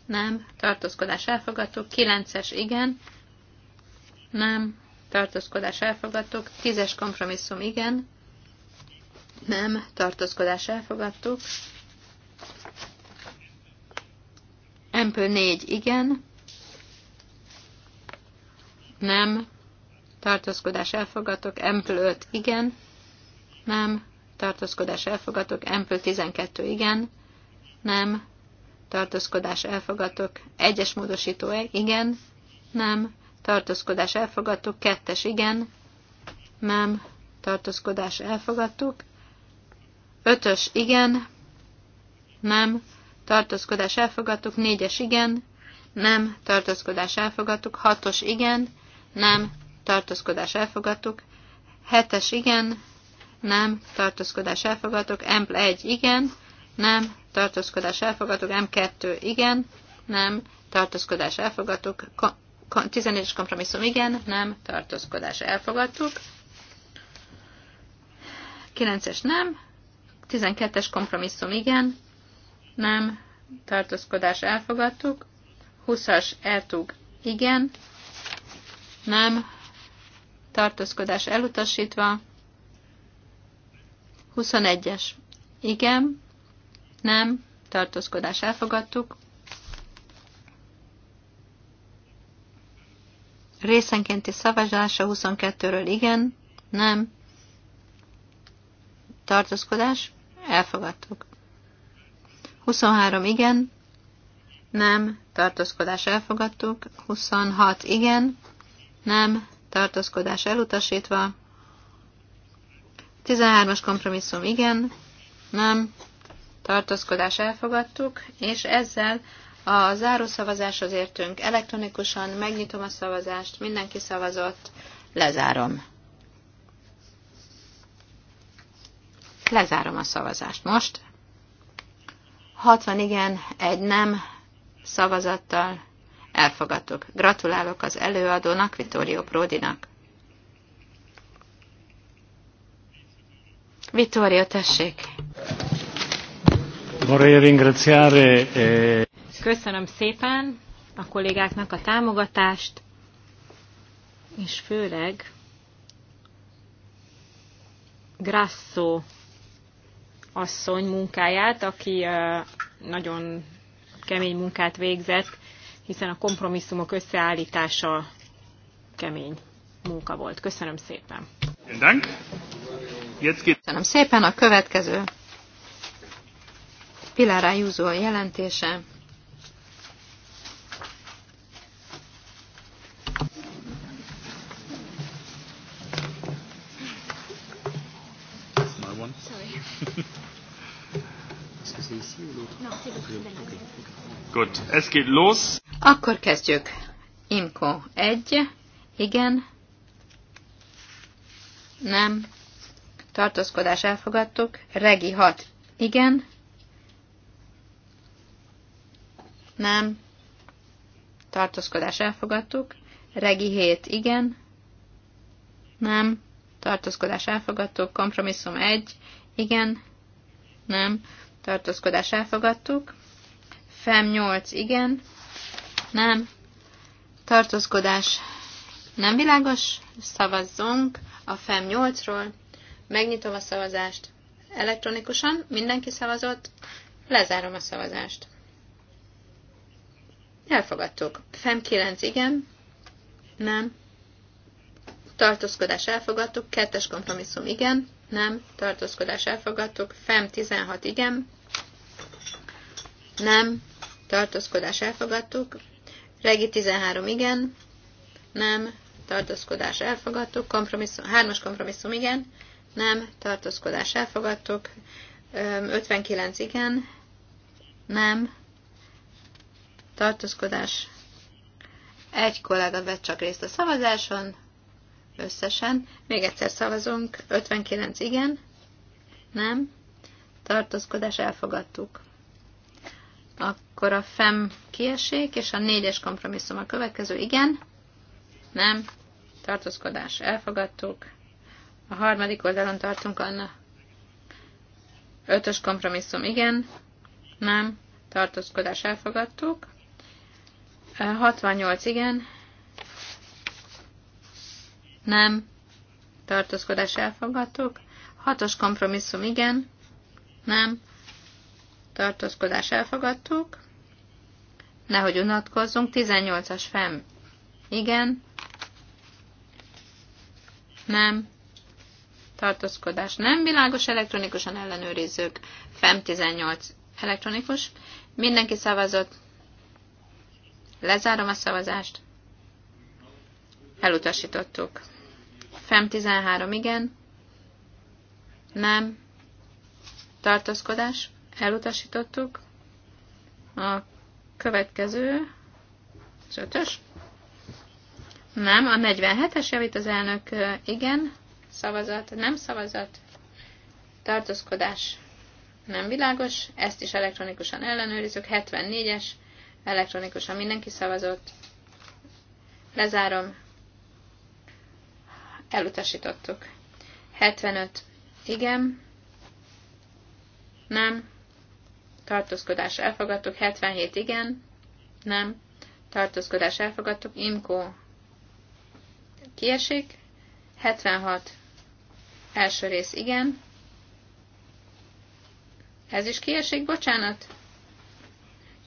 nem, tartózkodás elfogadtuk, kilences igen, nem, tartózkodás elfogadtuk, tízes kompromisszum igen, nem, tartózkodás elfogadtuk, Empő négy igen, nem, tartózkodás elfogadtok, Ample 5 igen, nem, tartózkodás elfogadtok, Ample 12 igen, nem, tartózkodás elfogadtok, egyes módosító igen, nem, tartózkodás elfogadtuk, kettes igen, nem, tartózkodás elfogadtuk, ötös igen, nem, tartózkodás elfogadtuk, négyes igen, nem, tartózkodás elfogadtuk, hatos igen, nem, tartózkodás elfogadtuk, 7-es igen, nem, tartózkodás elfogadtuk, m 1 igen, nem, tartózkodás elfogadtuk, M2 igen, nem, tartózkodás elfogadtuk, 14-es kompromisszum igen, nem, tartózkodás elfogadtuk, 9-es nem, 12-es kompromisszum igen, nem, tartózkodás elfogadtuk, 20-as eltúg igen, nem, tartózkodás elutasítva. 21-es. Igen, nem, tartózkodás elfogadtuk. Részenkénti szavazása 22-ről igen, nem, tartózkodás elfogadtuk. 23 igen, nem, tartózkodás elfogadtuk. 26 igen, nem, tartózkodás elutasítva. 13-as kompromisszum igen, nem, tartózkodás elfogadtuk, és ezzel a zárószavazáshoz értünk. Elektronikusan megnyitom a szavazást, mindenki szavazott, lezárom. Lezárom a szavazást most. 60 igen, egy nem szavazattal Elfogadtuk. Gratulálok az előadónak, Vittorio Prodinak. Vittorio, tessék! Eh, Köszönöm szépen a kollégáknak a támogatást, és főleg Grasso asszony munkáját, aki eh, nagyon kemény munkát végzett hiszen a kompromisszumok összeállítása kemény munka volt. Köszönöm szépen. Köszönöm szépen. A következő Pilar Ayuso jelentése. Gut, es geht los. Akkor kezdjük. Imko 1. Igen. Nem. Tartózkodás elfogadtuk. Regi 6. Igen. Nem. Tartózkodás elfogadtuk. Regi 7. Igen. Nem. Tartózkodás elfogadtuk. Kompromisszum 1. Igen. Nem. Tartózkodás elfogadtuk. Fem 8. Igen nem, tartózkodás nem világos, szavazzunk a FEM 8-ról, megnyitom a szavazást elektronikusan, mindenki szavazott, lezárom a szavazást. Elfogadtuk. FEM 9 igen, nem, tartózkodás elfogadtuk, kettes kompromisszum igen, nem, tartózkodás elfogadtuk, FEM 16 igen, nem, tartózkodás elfogadtuk, Regi 13 igen, nem, tartózkodás elfogadtuk, kompromisszum, hármas kompromisszum igen, nem, tartózkodás elfogadtuk, 59 igen, nem, tartózkodás. Egy kollega vett csak részt a szavazáson, összesen. Még egyszer szavazunk, 59 igen, nem, tartózkodás elfogadtuk. Akkor a FEM kiesik, és a négyes kompromisszum a következő. Igen, nem, tartózkodás, elfogadtuk. A harmadik oldalon tartunk, Anna. Ötös kompromisszum, igen, nem, tartózkodás, elfogadtuk. 68, igen, nem, tartózkodás, elfogadtuk. Hatos kompromisszum, igen, nem, tartózkodás elfogadtuk. Nehogy unatkozzunk, 18-as fem. Igen. Nem. Tartózkodás nem világos, elektronikusan ellenőrizzük. Fem 18 elektronikus. Mindenki szavazott. Lezárom a szavazást. Elutasítottuk. Fem 13 igen. Nem. Tartózkodás elutasítottuk. A következő, az ötös. Nem, a 47-es javít az elnök, igen, szavazat, nem szavazat, tartózkodás, nem világos, ezt is elektronikusan ellenőrizzük, 74-es, elektronikusan mindenki szavazott, lezárom, elutasítottuk. 75, igen, nem, tartózkodás elfogadtuk, 77 igen, nem, tartózkodás elfogadtuk, Imkó kiesik, 76 első rész igen, ez is kiesik, bocsánat,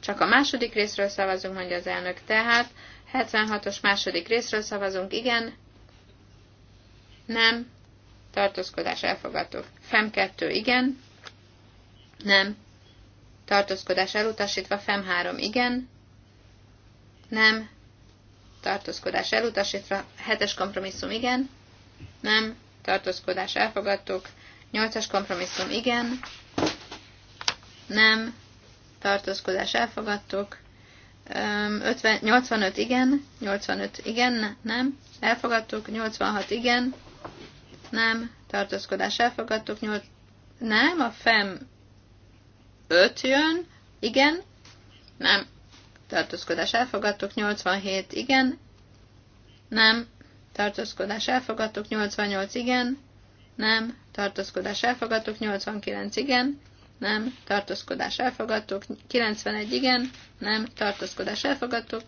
csak a második részről szavazunk, mondja az elnök, tehát 76-os második részről szavazunk, igen, nem, tartózkodás elfogadtuk FEM 2, igen, nem, tartózkodás elutasítva, FEM három igen, nem, tartózkodás elutasítva, hetes kompromisszum igen, nem, tartózkodás elfogadtuk, nyolcas kompromisszum igen, nem, tartózkodás elfogadtuk, 50, 85 igen, 85 igen, nem, elfogadtuk, 86 igen, nem, tartózkodás elfogadtuk, 8, nem, a FEM 5 jön, igen, nem, tartózkodás elfogadtuk, 87, igen, nem, tartózkodás elfogadtuk, 88, igen, nem, tartózkodás elfogadtuk, 89, igen, nem, tartózkodás elfogadtuk, 91, igen, nem, tartózkodás elfogadtuk,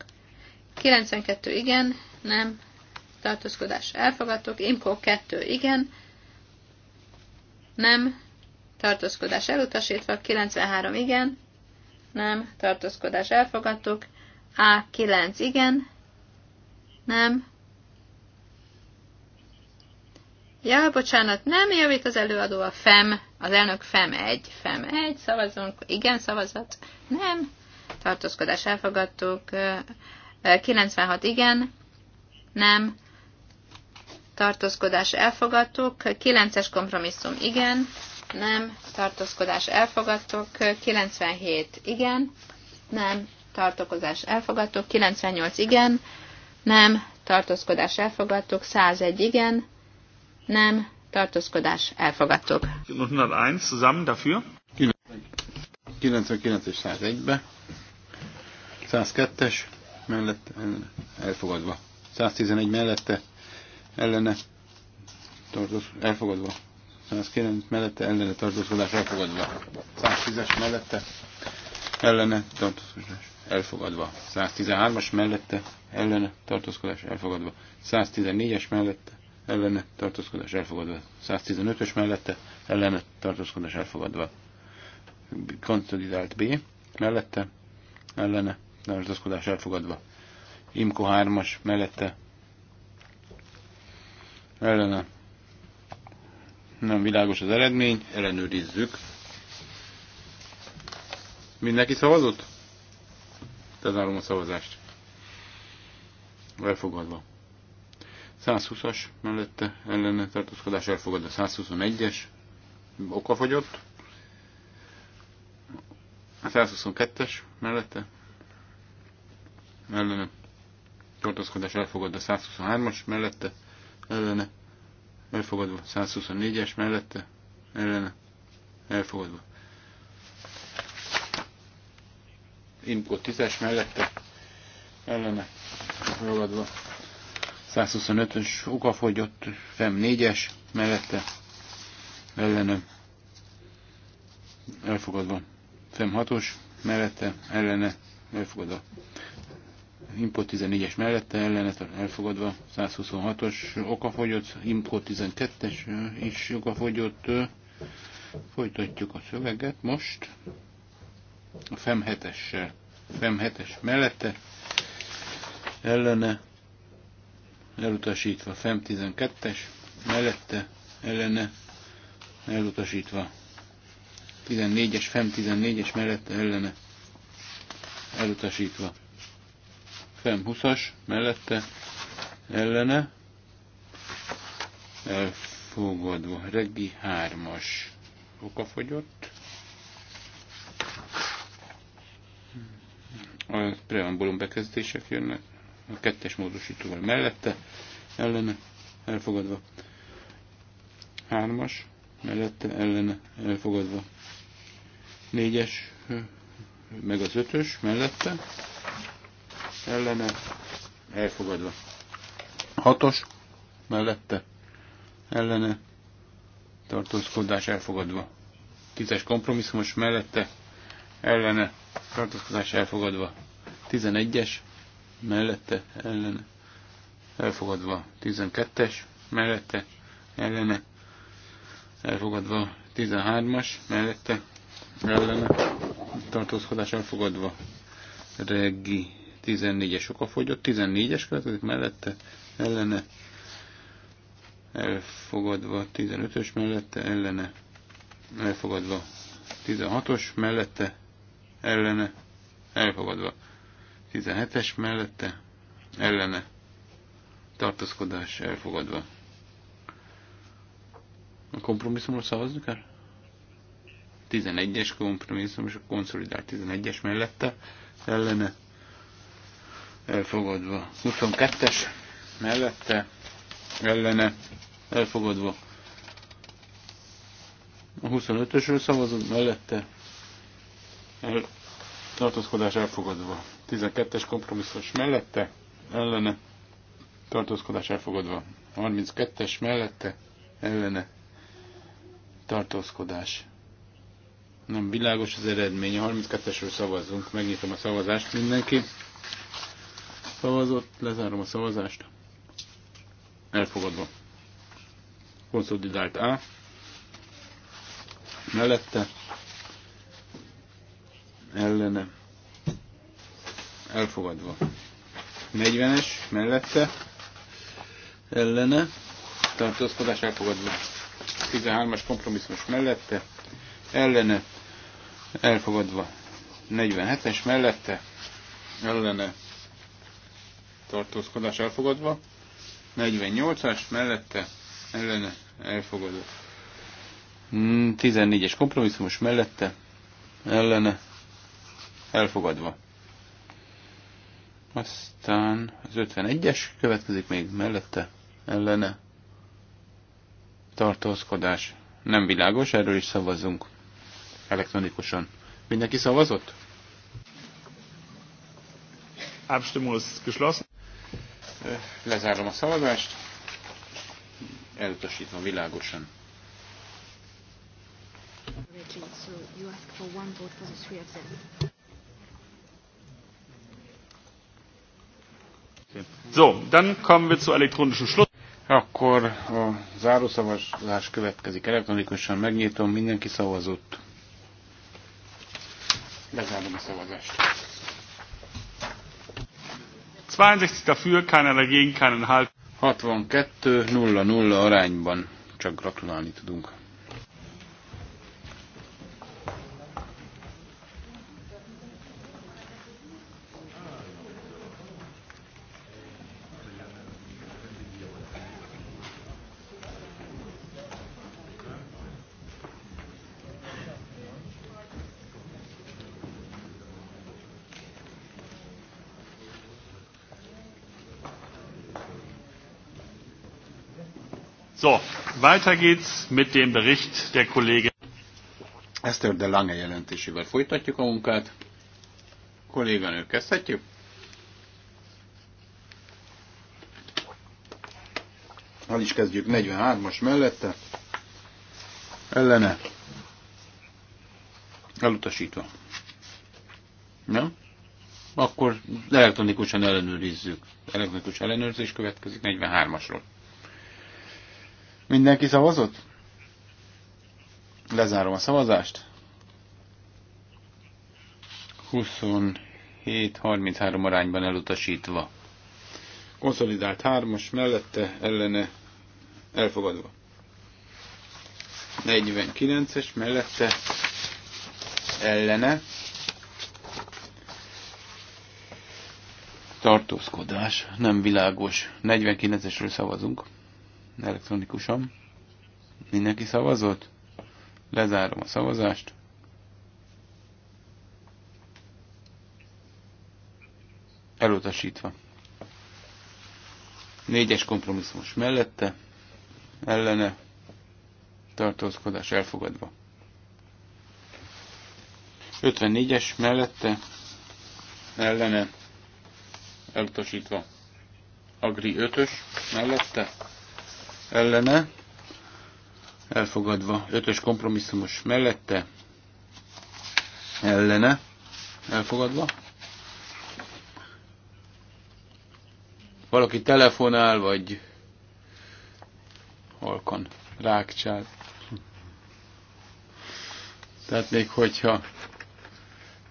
92, igen, nem, tartózkodás elfogadtuk, Imkó 2, igen, nem, tartózkodás elutasítva, 93 igen, nem, tartózkodás elfogadtuk, A9 igen, nem, Ja, bocsánat, nem javít az előadó a FEM, az elnök FEM 1, FEM 1, szavazunk, igen szavazat, nem, tartózkodás elfogadtuk, 96 igen, nem, tartózkodás elfogadtuk, 9-es kompromisszum igen, nem, tartózkodás elfogadtok, 97 igen, nem, tartózkodás elfogadtok, 98 igen, nem, tartózkodás elfogadtok, 101 igen, nem, tartózkodás elfogadtok. 101 zusammen dafür. 99 és 101-be. 102-es mellett elfogadva. 111 mellette ellene tartoz, elfogadva. 109 mellette ellene tartózkodás elfogadva. 110-es mellette ellene tartózkodás elfogadva. 113-as mellette ellene tartózkodás elfogadva. 114-es mellette ellene tartózkodás elfogadva. 115-ös mellette ellene tartózkodás elfogadva. Konszolidált B mellette ellene tartózkodás elfogadva. Imko 3-as mellette ellene nem világos az eredmény, ellenőrizzük. Mindenki szavazott? Tezárom a szavazást. Elfogadva. 120-as mellette ellene tartózkodás elfogadva. 121-es fogyott. 122-es mellette ellene tartózkodás elfogadva. 123-as mellette ellene elfogadva. 124-es mellette, ellene, elfogadva. Imco 10-es mellette, ellene, elfogadva. 125-ös okafogyott, FEM 4-es mellette, ellene, elfogadva. FEM 6-os mellette, ellene, elfogadva import 14-es mellette ellenet elfogadva, 126-os okafogyott, import 12-es is okafogyott. Folytatjuk a szöveget most. A FEM 7-essel. FEM 7-es mellette ellene elutasítva, FEM 12-es mellette ellene elutasítva. 14-es, FEM 14-es mellette ellene elutasítva. FEM 20-as mellette ellene elfogadva. reggi 3-as okafogyott. A preambulum bekezdések jönnek a kettes módosítóval mellette ellene elfogadva. 3-as mellette ellene elfogadva. 4-es meg az ötös mellette ellene elfogadva. Hatos mellette ellene tartózkodás elfogadva. Tízes kompromisszumos mellette ellene tartózkodás elfogadva. Tizenegyes mellette ellene elfogadva. Tizenkettes mellette ellene elfogadva. Tizenhármas mellette ellene tartózkodás elfogadva. Reggi 14-es okafogyott, 14-es következik mellette, ellene, elfogadva 15-ös mellette, ellene, elfogadva 16-os mellette, ellene, elfogadva 17-es mellette, ellene, tartózkodás elfogadva. A kompromisszumról szavazni kell? 11-es kompromisszum és a konszolidált 11-es mellette ellene elfogadva. 22-es mellette ellene elfogadva. A 25-ösről szavazunk mellette el, tartózkodás elfogadva. 12-es kompromisszus mellette ellene tartózkodás elfogadva. 32-es mellette ellene tartózkodás. Nem világos az eredmény. A 32-esről szavazzunk. Megnyitom a szavazást mindenki. Szavazott, lezárom a szavazást. Elfogadva. Konszolidált A. Mellette. Ellene. Elfogadva. 40-es mellette. Ellene. Tartózkodás elfogadva. 13-as kompromisszumos mellette. Ellene. Elfogadva. 47-es mellette. Ellene tartózkodás elfogadva. 48-as mellette ellene elfogadva. 14-es hmm, kompromisszumos mellette ellene elfogadva. Aztán az 51-es következik még mellette ellene tartózkodás. Nem világos, erről is szavazzunk elektronikusan. Mindenki szavazott? Abstimmung ist geschlossen. Lezárom a szavazást. Elutasítom világosan. So dann kommen wir zu elektronischen Schluss. Akkor a zárószavazás következik elektronikusan. Megnyitom, mindenki szavazott. Lezárom a szavazást. 62 dafür, keiner dagegen, keinen Halt. 62-0-0 arányban. Csak gratulálni tudunk. So, weiter geht's mit dem Bericht der Kollegin. Eszter de Lange jelentésével folytatjuk a munkát. Kolléganő, kezdhetjük? Hát is kezdjük 43-as mellette. Ellene. Elutasítva. Nem? Akkor elektronikusan ellenőrizzük. Elektronikus ellenőrzés következik 43-asról. Mindenki szavazott? Lezárom a szavazást. 27-33 arányban elutasítva. Konszolidált hármas mellette ellene elfogadva. 49-es mellette ellene tartózkodás, nem világos. 49-esről szavazunk elektronikusan. Mindenki szavazott? Lezárom a szavazást. Elutasítva. Négyes kompromisszumos mellette, ellene, tartózkodás elfogadva. 54-es mellette, ellene, elutasítva. Agri 5-ös mellette, ellene, elfogadva. Ötös kompromisszumos mellette, ellene, elfogadva. Valaki telefonál, vagy halkan rákcsál. Tehát még hogyha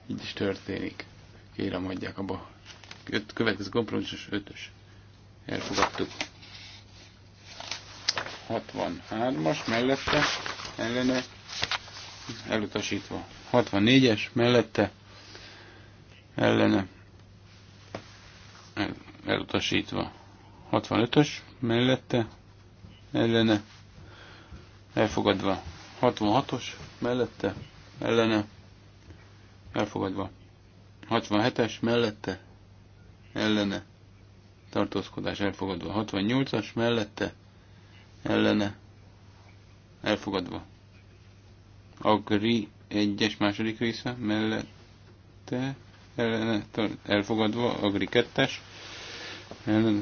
így is történik, kérem adják abba. Öt, következő kompromisszus ötös. Elfogadtuk. 63-as mellette ellene elutasítva. 64-es mellette ellene el, elutasítva. 65-ös mellette ellene elfogadva. 66-os mellette ellene elfogadva. 67-es mellette ellene tartózkodás elfogadva. 68-as mellette ellene elfogadva. Agri egyes második része mellette ellene elfogadva, Agri kettes ellene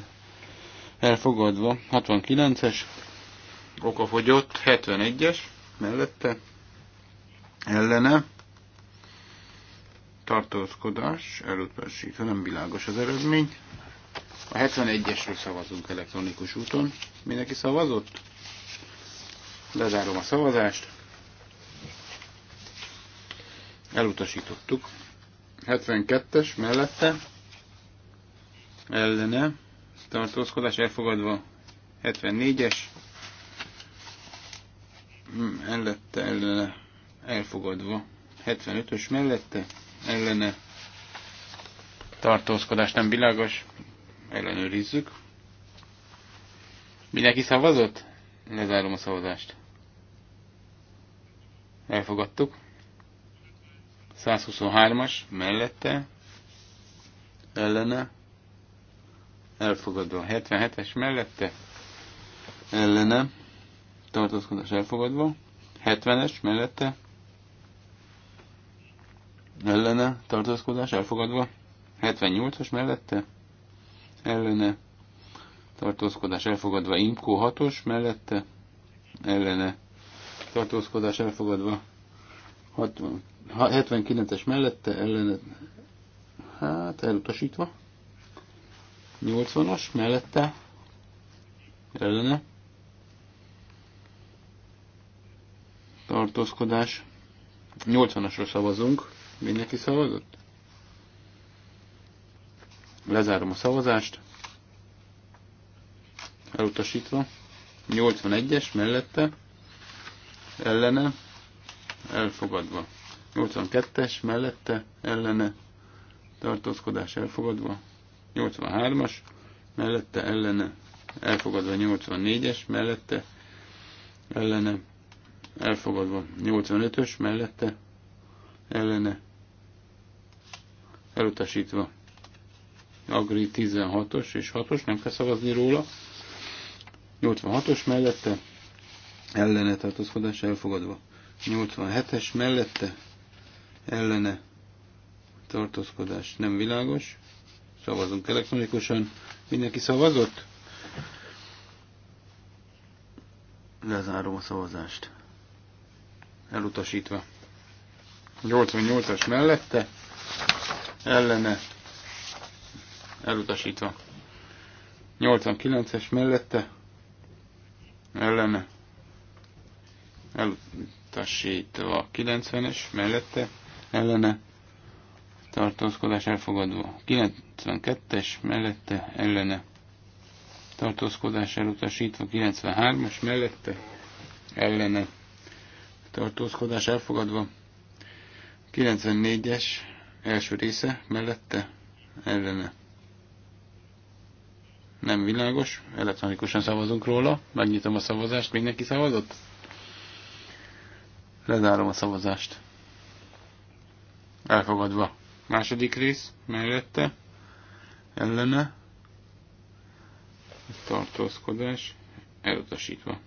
elfogadva, 69-es okafogyott, 71-es mellette ellene tartózkodás, elutasítva, nem világos az eredmény, a 71-esről szavazunk elektronikus úton. Mindenki szavazott? Lezárom a szavazást. Elutasítottuk. 72-es mellette ellene tartózkodás elfogadva 74-es mellette hmm, ellene elfogadva 75-ös mellette ellene tartózkodás nem világos ellenőrizzük. Mindenki szavazott? Lezárom a szavazást. Elfogadtuk. 123-as mellette, ellene, elfogadva. 77-es mellette, ellene, tartózkodás elfogadva. 70-es mellette, ellene, tartózkodás elfogadva. 78-as mellette, ellene tartózkodás elfogadva, Imkó 6-os mellette ellene tartózkodás elfogadva, 79-es mellette ellene, hát elutasítva, 80-as mellette ellene tartózkodás, 80-asra szavazunk, mindenki szavazott? Lezárom a szavazást. Elutasítva. 81-es mellette. Ellene. Elfogadva. 82-es mellette. Ellene. Tartózkodás elfogadva. 83-as mellette. Ellene. Elfogadva 84-es mellette. Ellene. Elfogadva 85-ös mellette. Ellene. Elutasítva Agri 16-os és 6-os, nem kell szavazni róla. 86-os mellette ellene tartózkodás elfogadva. 87-es mellette ellene tartózkodás nem világos. Szavazunk elektronikusan. Mindenki szavazott? Lezárom a szavazást. Elutasítva. 88-as mellette ellene elutasítva. 89-es mellette ellene elutasítva. 90-es mellette ellene tartózkodás elfogadva. 92-es mellette ellene tartózkodás elutasítva. 93 es mellette ellene tartózkodás elfogadva. 94-es első része mellette ellene nem világos. Elektronikusan szavazunk róla. Megnyitom a szavazást. Mindenki szavazott? Lezárom a szavazást. Elfogadva. Második rész mellette. Ellene. Tartózkodás. Elutasítva.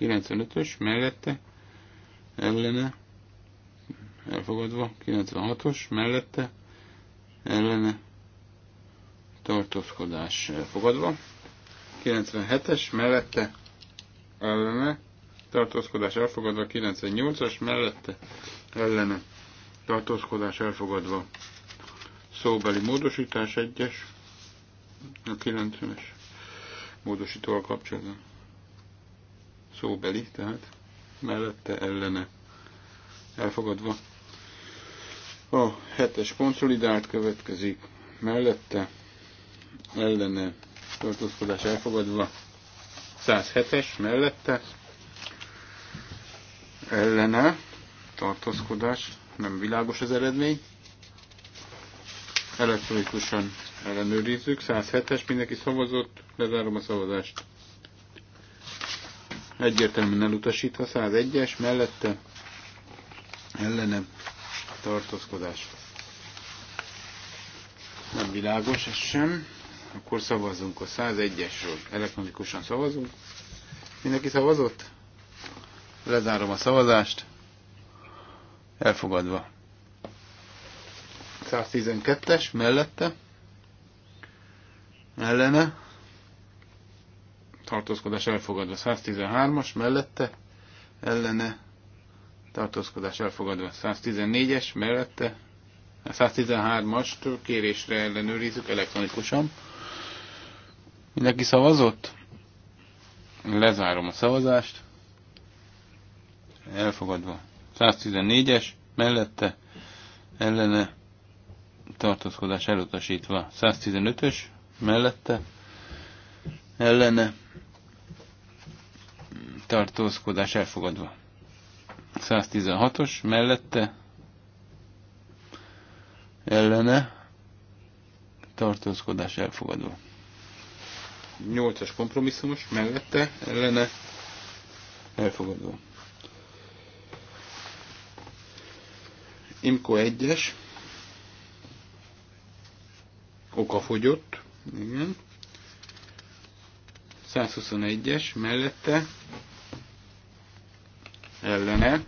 95-ös mellette. Ellene. Elfogadva. 96-os mellette. Ellene tartózkodás fogadva. 97-es mellette ellene tartózkodás elfogadva, 98-as mellette ellene tartózkodás elfogadva. Szóbeli módosítás 1-es, a 90-es módosítóval kapcsolatban. Szóbeli, tehát mellette ellene elfogadva. A 7-es konszolidált következik mellette ellene tartózkodás elfogadva, 107-es mellette ellene tartózkodás, nem világos az eredmény. Elektronikusan ellenőrizzük, 107-es, mindenki szavazott, lezárom a szavazást. Egyértelműen elutasítva, 101-es, mellette ellene tartózkodás. Nem világos ez sem. Akkor szavazunk a 101-esről. Elektronikusan szavazunk. Mindenki szavazott? Lezárom a szavazást. Elfogadva. 112-es mellette. Ellene. Tartózkodás elfogadva. 113-as mellette. Ellene. Tartózkodás elfogadva. 114-es mellette. A 113 as kérésre ellenőrizzük elektronikusan. Mindenki szavazott? Lezárom a szavazást. Elfogadva. 114-es mellette ellene tartózkodás elutasítva. 115-ös mellette ellene tartózkodás elfogadva. 116-os mellette ellene tartózkodás elfogadva. 8-as kompromisszumos mellette ellene elfogadva. Imko 1-es okafogyott, igen. 121-es mellette ellene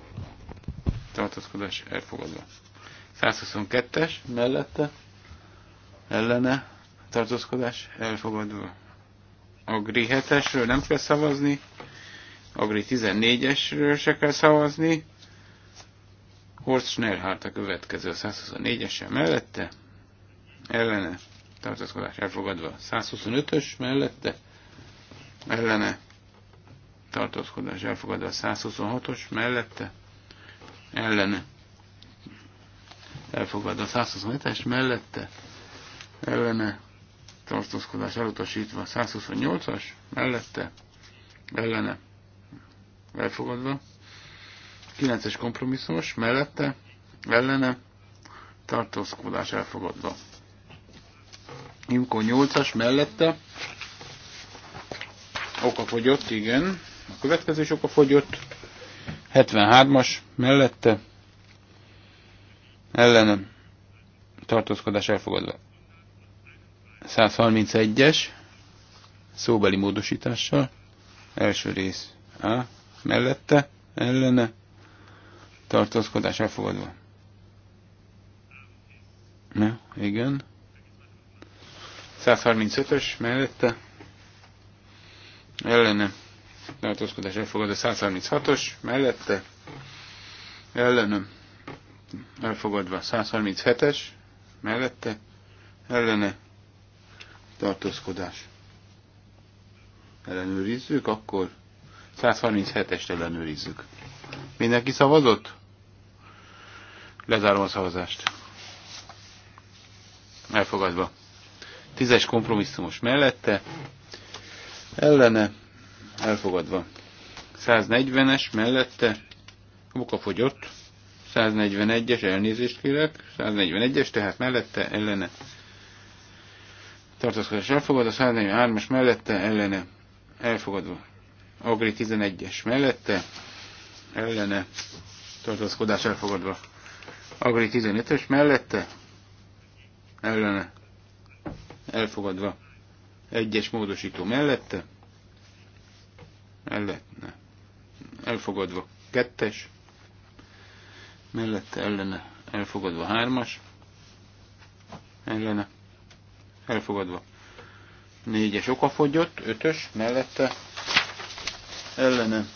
tartózkodás elfogadva. 122-es mellette ellene tartózkodás elfogadva. Agri 7-esről nem kell szavazni, Agri 14-esről se kell szavazni, Horst Schnellhardt a következő 124-esen mellette, ellene, tartózkodás elfogadva 125-ös mellette, ellene, tartózkodás elfogadva 126-os mellette, ellene, elfogadva 127-es mellette, ellene, tartózkodás elutasítva. 128-as mellette ellene elfogadva. 9-es kompromisszumos mellette ellene tartózkodás elfogadva. Imko 8-as mellette oka fogyott, igen. A következő is oka fogyott. 73-as mellette ellene tartózkodás elfogadva. 131-es szóbeli módosítással. Első rész A. Mellette, ellene, tartózkodás elfogadva. Na, igen. 135-ös mellette, ellene, tartózkodás elfogadva. 136-os mellette, ellene, elfogadva. 137-es mellette, ellene, tartózkodás. Ellenőrizzük, akkor 137-est ellenőrizzük. Mindenki szavazott? Lezárom a szavazást. Elfogadva. Tízes kompromisszumos mellette. Ellene. Elfogadva. 140-es mellette. Buka fogyott. 141-es, elnézést kérek. 141-es, tehát mellette, ellene tartózkodás elfogadva, 143-as mellette ellene elfogadva. Agri 11-es mellette ellene tartózkodás elfogadva. Agri 15-ös mellette ellene elfogadva. Egyes módosító mellette ellene elfogadva. Kettes mellette ellene elfogadva. Hármas ellene elfogadva. Négyes okafogyott, ötös mellette ellene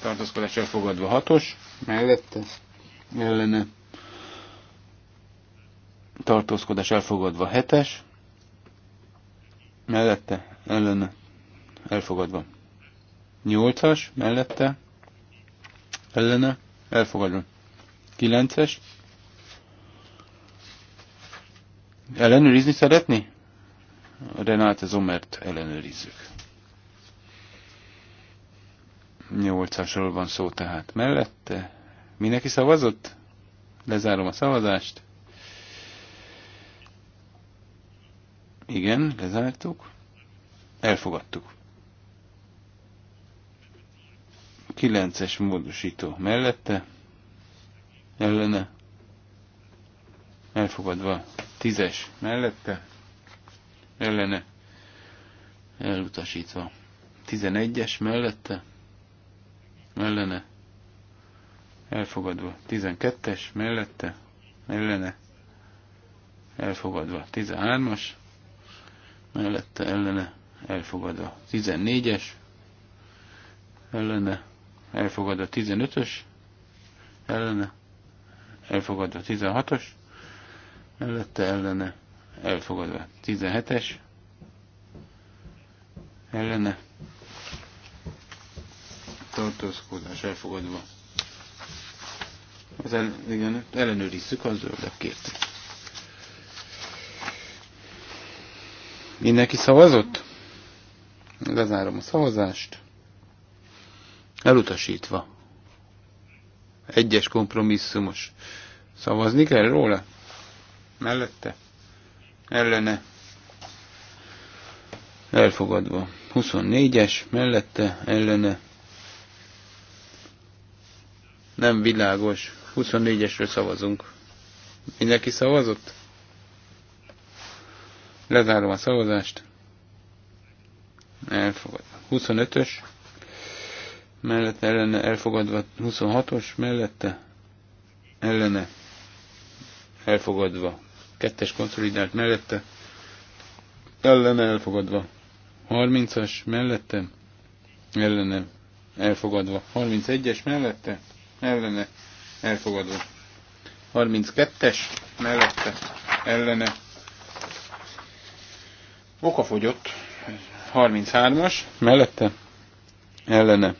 tartózkodás elfogadva. Hatos mellette ellene tartózkodás elfogadva. Hetes mellette ellene elfogadva. Nyolcas mellette ellene elfogadva. Kilences ellenőrizni szeretni? Renát Zomert ellenőrizzük. 8 van szó tehát mellette. Mindenki szavazott? Lezárom a szavazást. Igen, lezártuk. Elfogadtuk. Kilences módosító mellette. Ellene. Elfogadva. Tízes mellette ellene elutasítva. 11-es mellette ellene elfogadva. 12-es mellette ellene elfogadva. 13-as mellette ellene elfogadva. 14-es ellene elfogadva. 15-ös ellene elfogadva. 16-os mellette ellene elfogadva. 17-es ellene tartózkodás elfogadva. Az el, igen, ellenőrizzük, az zöldek kérte. Mindenki szavazott? Lezárom a szavazást. Elutasítva. Egyes kompromisszumos. Szavazni kell róla? Mellette? ellene elfogadva. 24-es mellette ellene nem világos. 24-esről szavazunk. Mindenki szavazott? Lezárom a szavazást. Elfogadva. 25-ös mellette ellene elfogadva. 26-os mellette ellene elfogadva kettes konszolidált mellette, ellene elfogadva. 30-as mellette, ellene elfogadva. 31-es mellette, ellene elfogadva. 32-es mellette, ellene okafogyott. 33-as mellette, ellene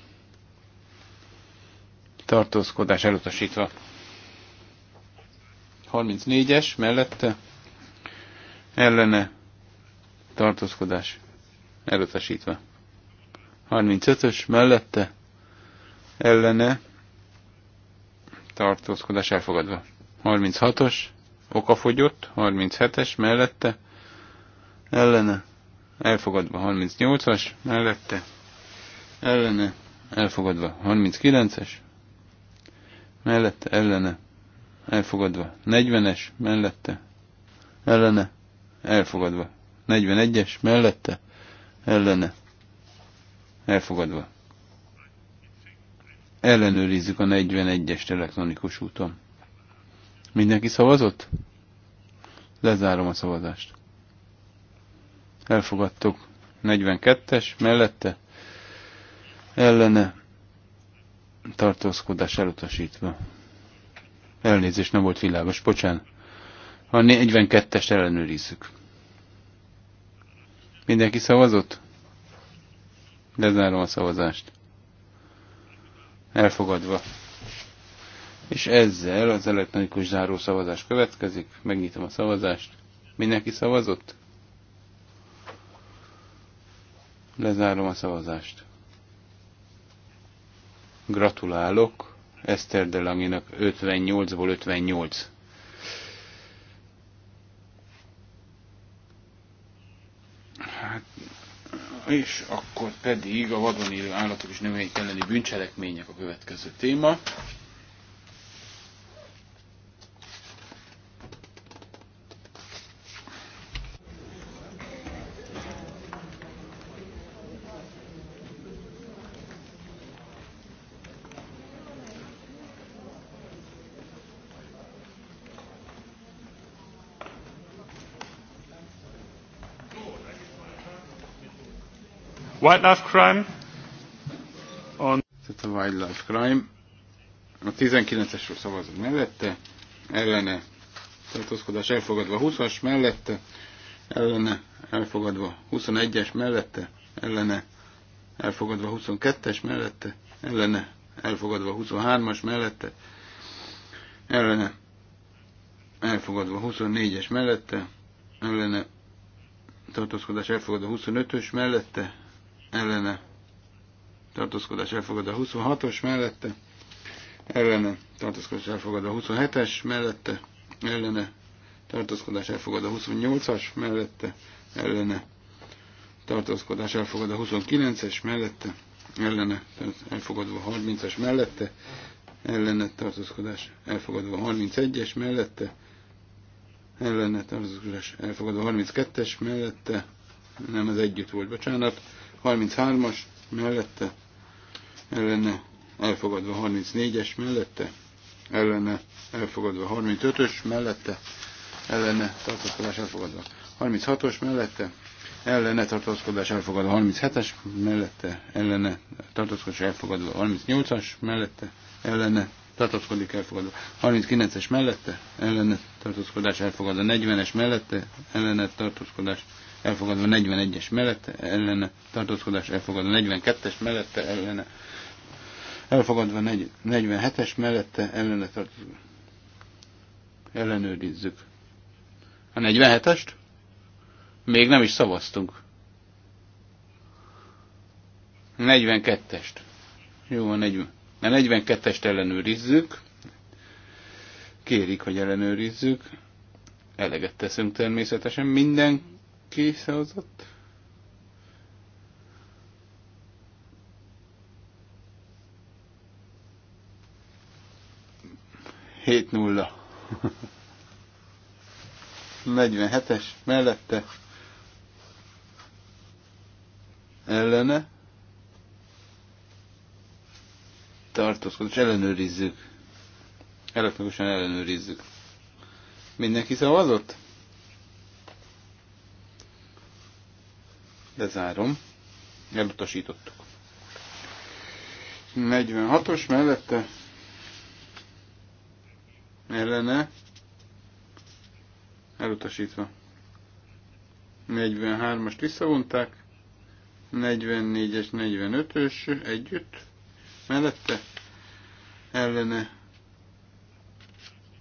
tartózkodás elutasítva. 34-es mellette ellene tartózkodás elutasítva. 35-ös mellette ellene tartózkodás elfogadva. 36-os okafogyott, 37-es mellette ellene elfogadva. 38-as mellette ellene elfogadva. 39-es mellette ellene elfogadva. 40-es mellette, ellene, elfogadva. 41-es mellette, ellene, elfogadva. Ellenőrizzük a 41 es elektronikus úton. Mindenki szavazott? Lezárom a szavazást. Elfogadtuk. 42-es mellette, ellene, tartózkodás elutasítva. Elnézést, nem volt világos. bocsán. A 42-est ellenőrizzük. Mindenki szavazott? Lezárom a szavazást. Elfogadva. És ezzel az elektronikus záró szavazás következik. Megnyitom a szavazást. Mindenki szavazott? Lezárom a szavazást. Gratulálok Eszter Delanginak 58-ból 58. Hát, és akkor pedig a vadon élő állatok és növények elleni bűncselekmények a következő téma. Wildlife crime. On... Tehát a wildlife crime. A 19-esről szavazunk mellette, ellene tartózkodás elfogadva 20-as mellette, ellene elfogadva 21-es mellette, ellene elfogadva 22-es mellette, ellene elfogadva 23-as mellette, ellene elfogadva 24-es mellette, ellene tartózkodás elfogadva 25-ös mellette, ellene tartózkodás elfogad a 26-os mellette, ellene tartózkodás elfogad a 27-es mellette, ellene tartózkodás elfogad a 28-as mellette, ellene tartózkodás elfogad a 29-es mellette, ellene elfogadva a 30-as mellette, ellene tartózkodás elfogadva a 31-es mellette, ellene tartózkodás elfogadva a 32-es mellette, nem ez együtt volt, bocsánat, 33-as mellette ellene elfogadva 34-es mellette ellene elfogadva 35-ös mellette ellene tartózkodás elfogadva 36-os mellette ellene tartózkodás elfogadva 37-es mellette ellene tartózkodás elfogadva 38-as mellette ellene tartózkodik elfogadva. 39-es mellette, ellene tartózkodás elfogadva. 40-es mellette, ellene tartózkodás elfogadva 41-es mellette ellene tartózkodás, elfogadva 42-es mellette ellene elfogadva 47-es mellette ellene tartózkodás. Ellenőrizzük. A 47-est? Még nem is szavaztunk. 42-est. Jó, a 40. A 42-est ellenőrizzük. Kérik, hogy ellenőrizzük. Eleget teszünk természetesen. Minden ki szavazott? Hét nulla. 47-es mellette ellene és ellenőrizzük. Elektronikusan ellenőrizzük. Mindenki szavazott? Lezárom. Elutasítottuk. 46-os mellette ellene elutasítva. 43-ast visszavonták, 44-es, 45-ös együtt, mellette ellene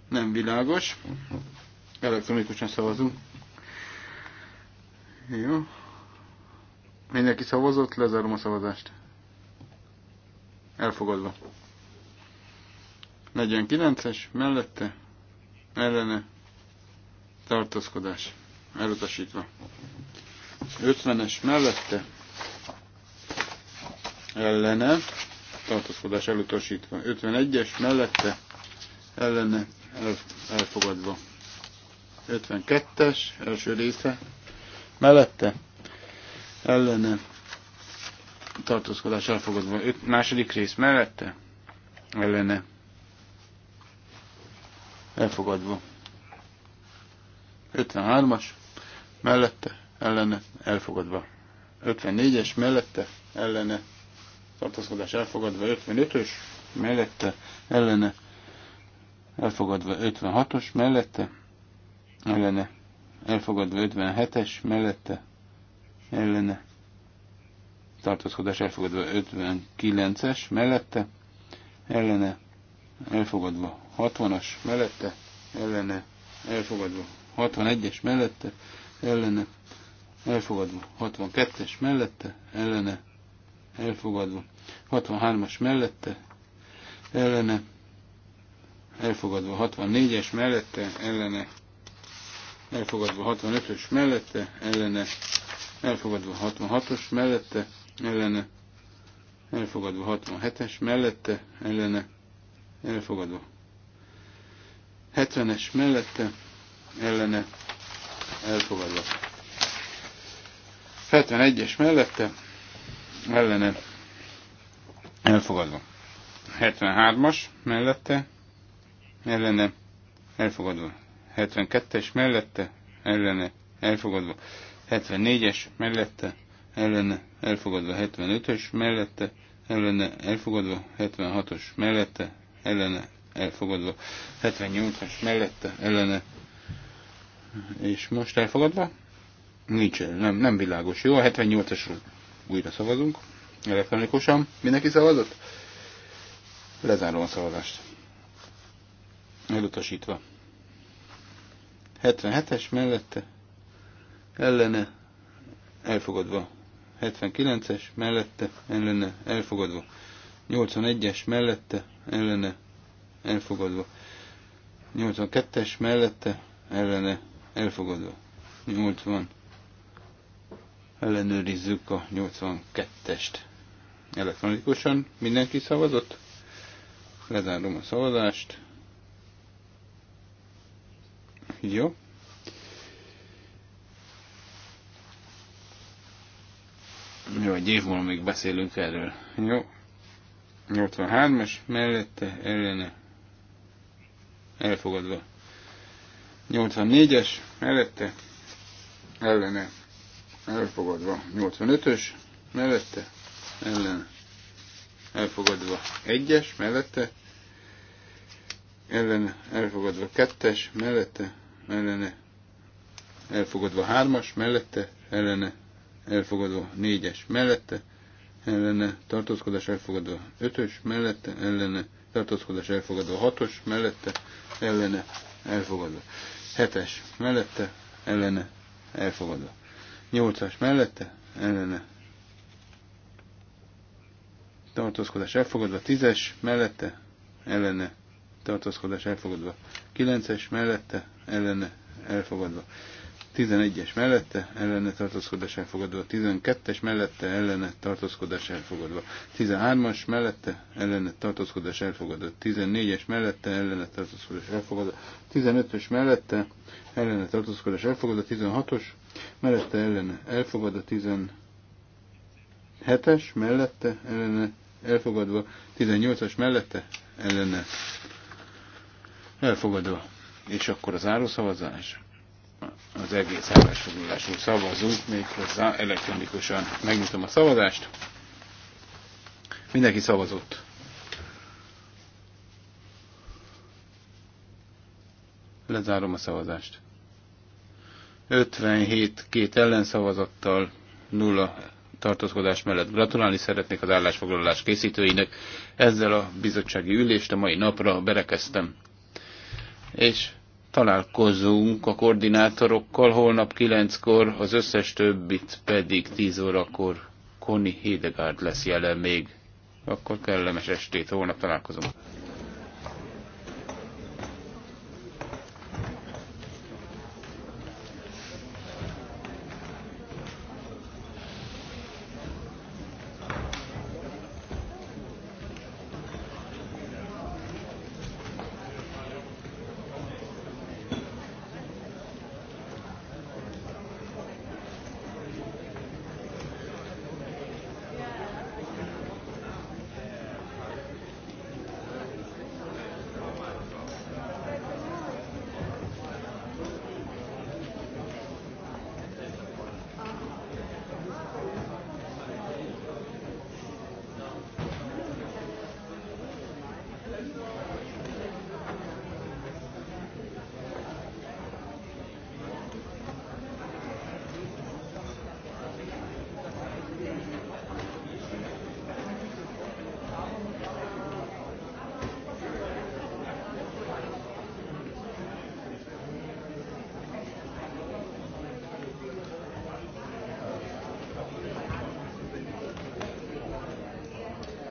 nem világos, elektronikusan szavazunk. Jó, Mindenki szavazott, lezárom a szavazást. Elfogadva. 49-es, mellette, ellene, tartózkodás, elutasítva. 50-es, mellette, ellene, tartózkodás elutasítva. 51-es, mellette, ellene, el, elfogadva. 52-es, első része, mellette, ellene tartózkodás elfogadva. Öt, második rész mellette ellene elfogadva. 53-as mellette ellene elfogadva. 54-es mellette ellene tartózkodás elfogadva. 55-ös mellette ellene elfogadva. 56-os mellette ellene elfogadva. 57-es mellette ellene tartózkodás elfogadva 59-es mellette, ellene elfogadva 60-as mellette, ellene elfogadva 61-es mellette, ellene elfogadva 62-es mellette, ellene elfogadva 63-as mellette, ellene elfogadva 64-es mellette, ellene elfogadva 65-ös mellette, ellene elfogadva 66-os, mellette ellene elfogadva 67-es, mellette ellene elfogadva 70-es, mellette ellene elfogadva 71-es mellette ellene elfogadva 73-as mellette ellene elfogadva 72-es mellette ellene elfogadva 74-es mellette ellene elfogadva 75-ös mellette ellene elfogadva 76-os mellette ellene elfogadva 78-as mellette ellene és most elfogadva? Nincs, nem, nem világos. Jó, a 78-asról újra szavazunk elektronikusan. Mindenki szavazott? Lezárom a szavazást. Elutasítva. 77-es mellette ellene elfogadva. 79-es mellette ellene elfogadva. 81-es mellette ellene elfogadva. 82-es mellette ellene elfogadva. 80 ellenőrizzük a 82-est elektronikusan. Mindenki szavazott? Lezárom a szavazást. Jó. Jó, egy év múlva még beszélünk erről. Jó. 83-as, mellette, ellene. Elfogadva. 84-es, mellette, ellene. Elfogadva. 85-ös, mellette, ellene. Elfogadva. 1-es, mellette, ellene. Elfogadva. 2-es, mellette, ellene. Elfogadva. 3-as, mellette, ellene elfogadó 4-es mellette, ellene tartózkodás elfogadó 5-ös mellette, ellene tartózkodás elfogadó 6-os mellette, ellene elfogadó 7-es mellette, ellene elfogadó 8-as mellette, ellene tartózkodás elfogadva 10-es mellette, ellene tartózkodás elfogadva 9-es mellette, ellene elfogadva 11-es mellette ellene tartózkodás elfogadva, 12-es mellette ellene tartózkodás elfogadva, 13-as mellette ellene tartózkodás elfogadva, 14-es mellette ellene tartózkodás elfogadva, 15-ös mellette ellene tartózkodás elfogadva, 16-os mellette ellene elfogadva, 17-es mellette ellene elfogadva, 18-as mellette ellene elfogadva. És akkor az áruszavazás az egész állásfoglalásunk szavazunk, méghozzá elektronikusan. Megnyitom a szavazást. Mindenki szavazott. Lezárom a szavazást. 57 két ellenszavazattal, nulla tartózkodás mellett gratulálni szeretnék az állásfoglalás készítőinek. Ezzel a bizottsági ülést a mai napra berekeztem. És találkozunk a koordinátorokkal holnap kilenckor, az összes többit pedig 10 órakor Koni Hédegárd lesz jelen még. Akkor kellemes estét, holnap találkozunk.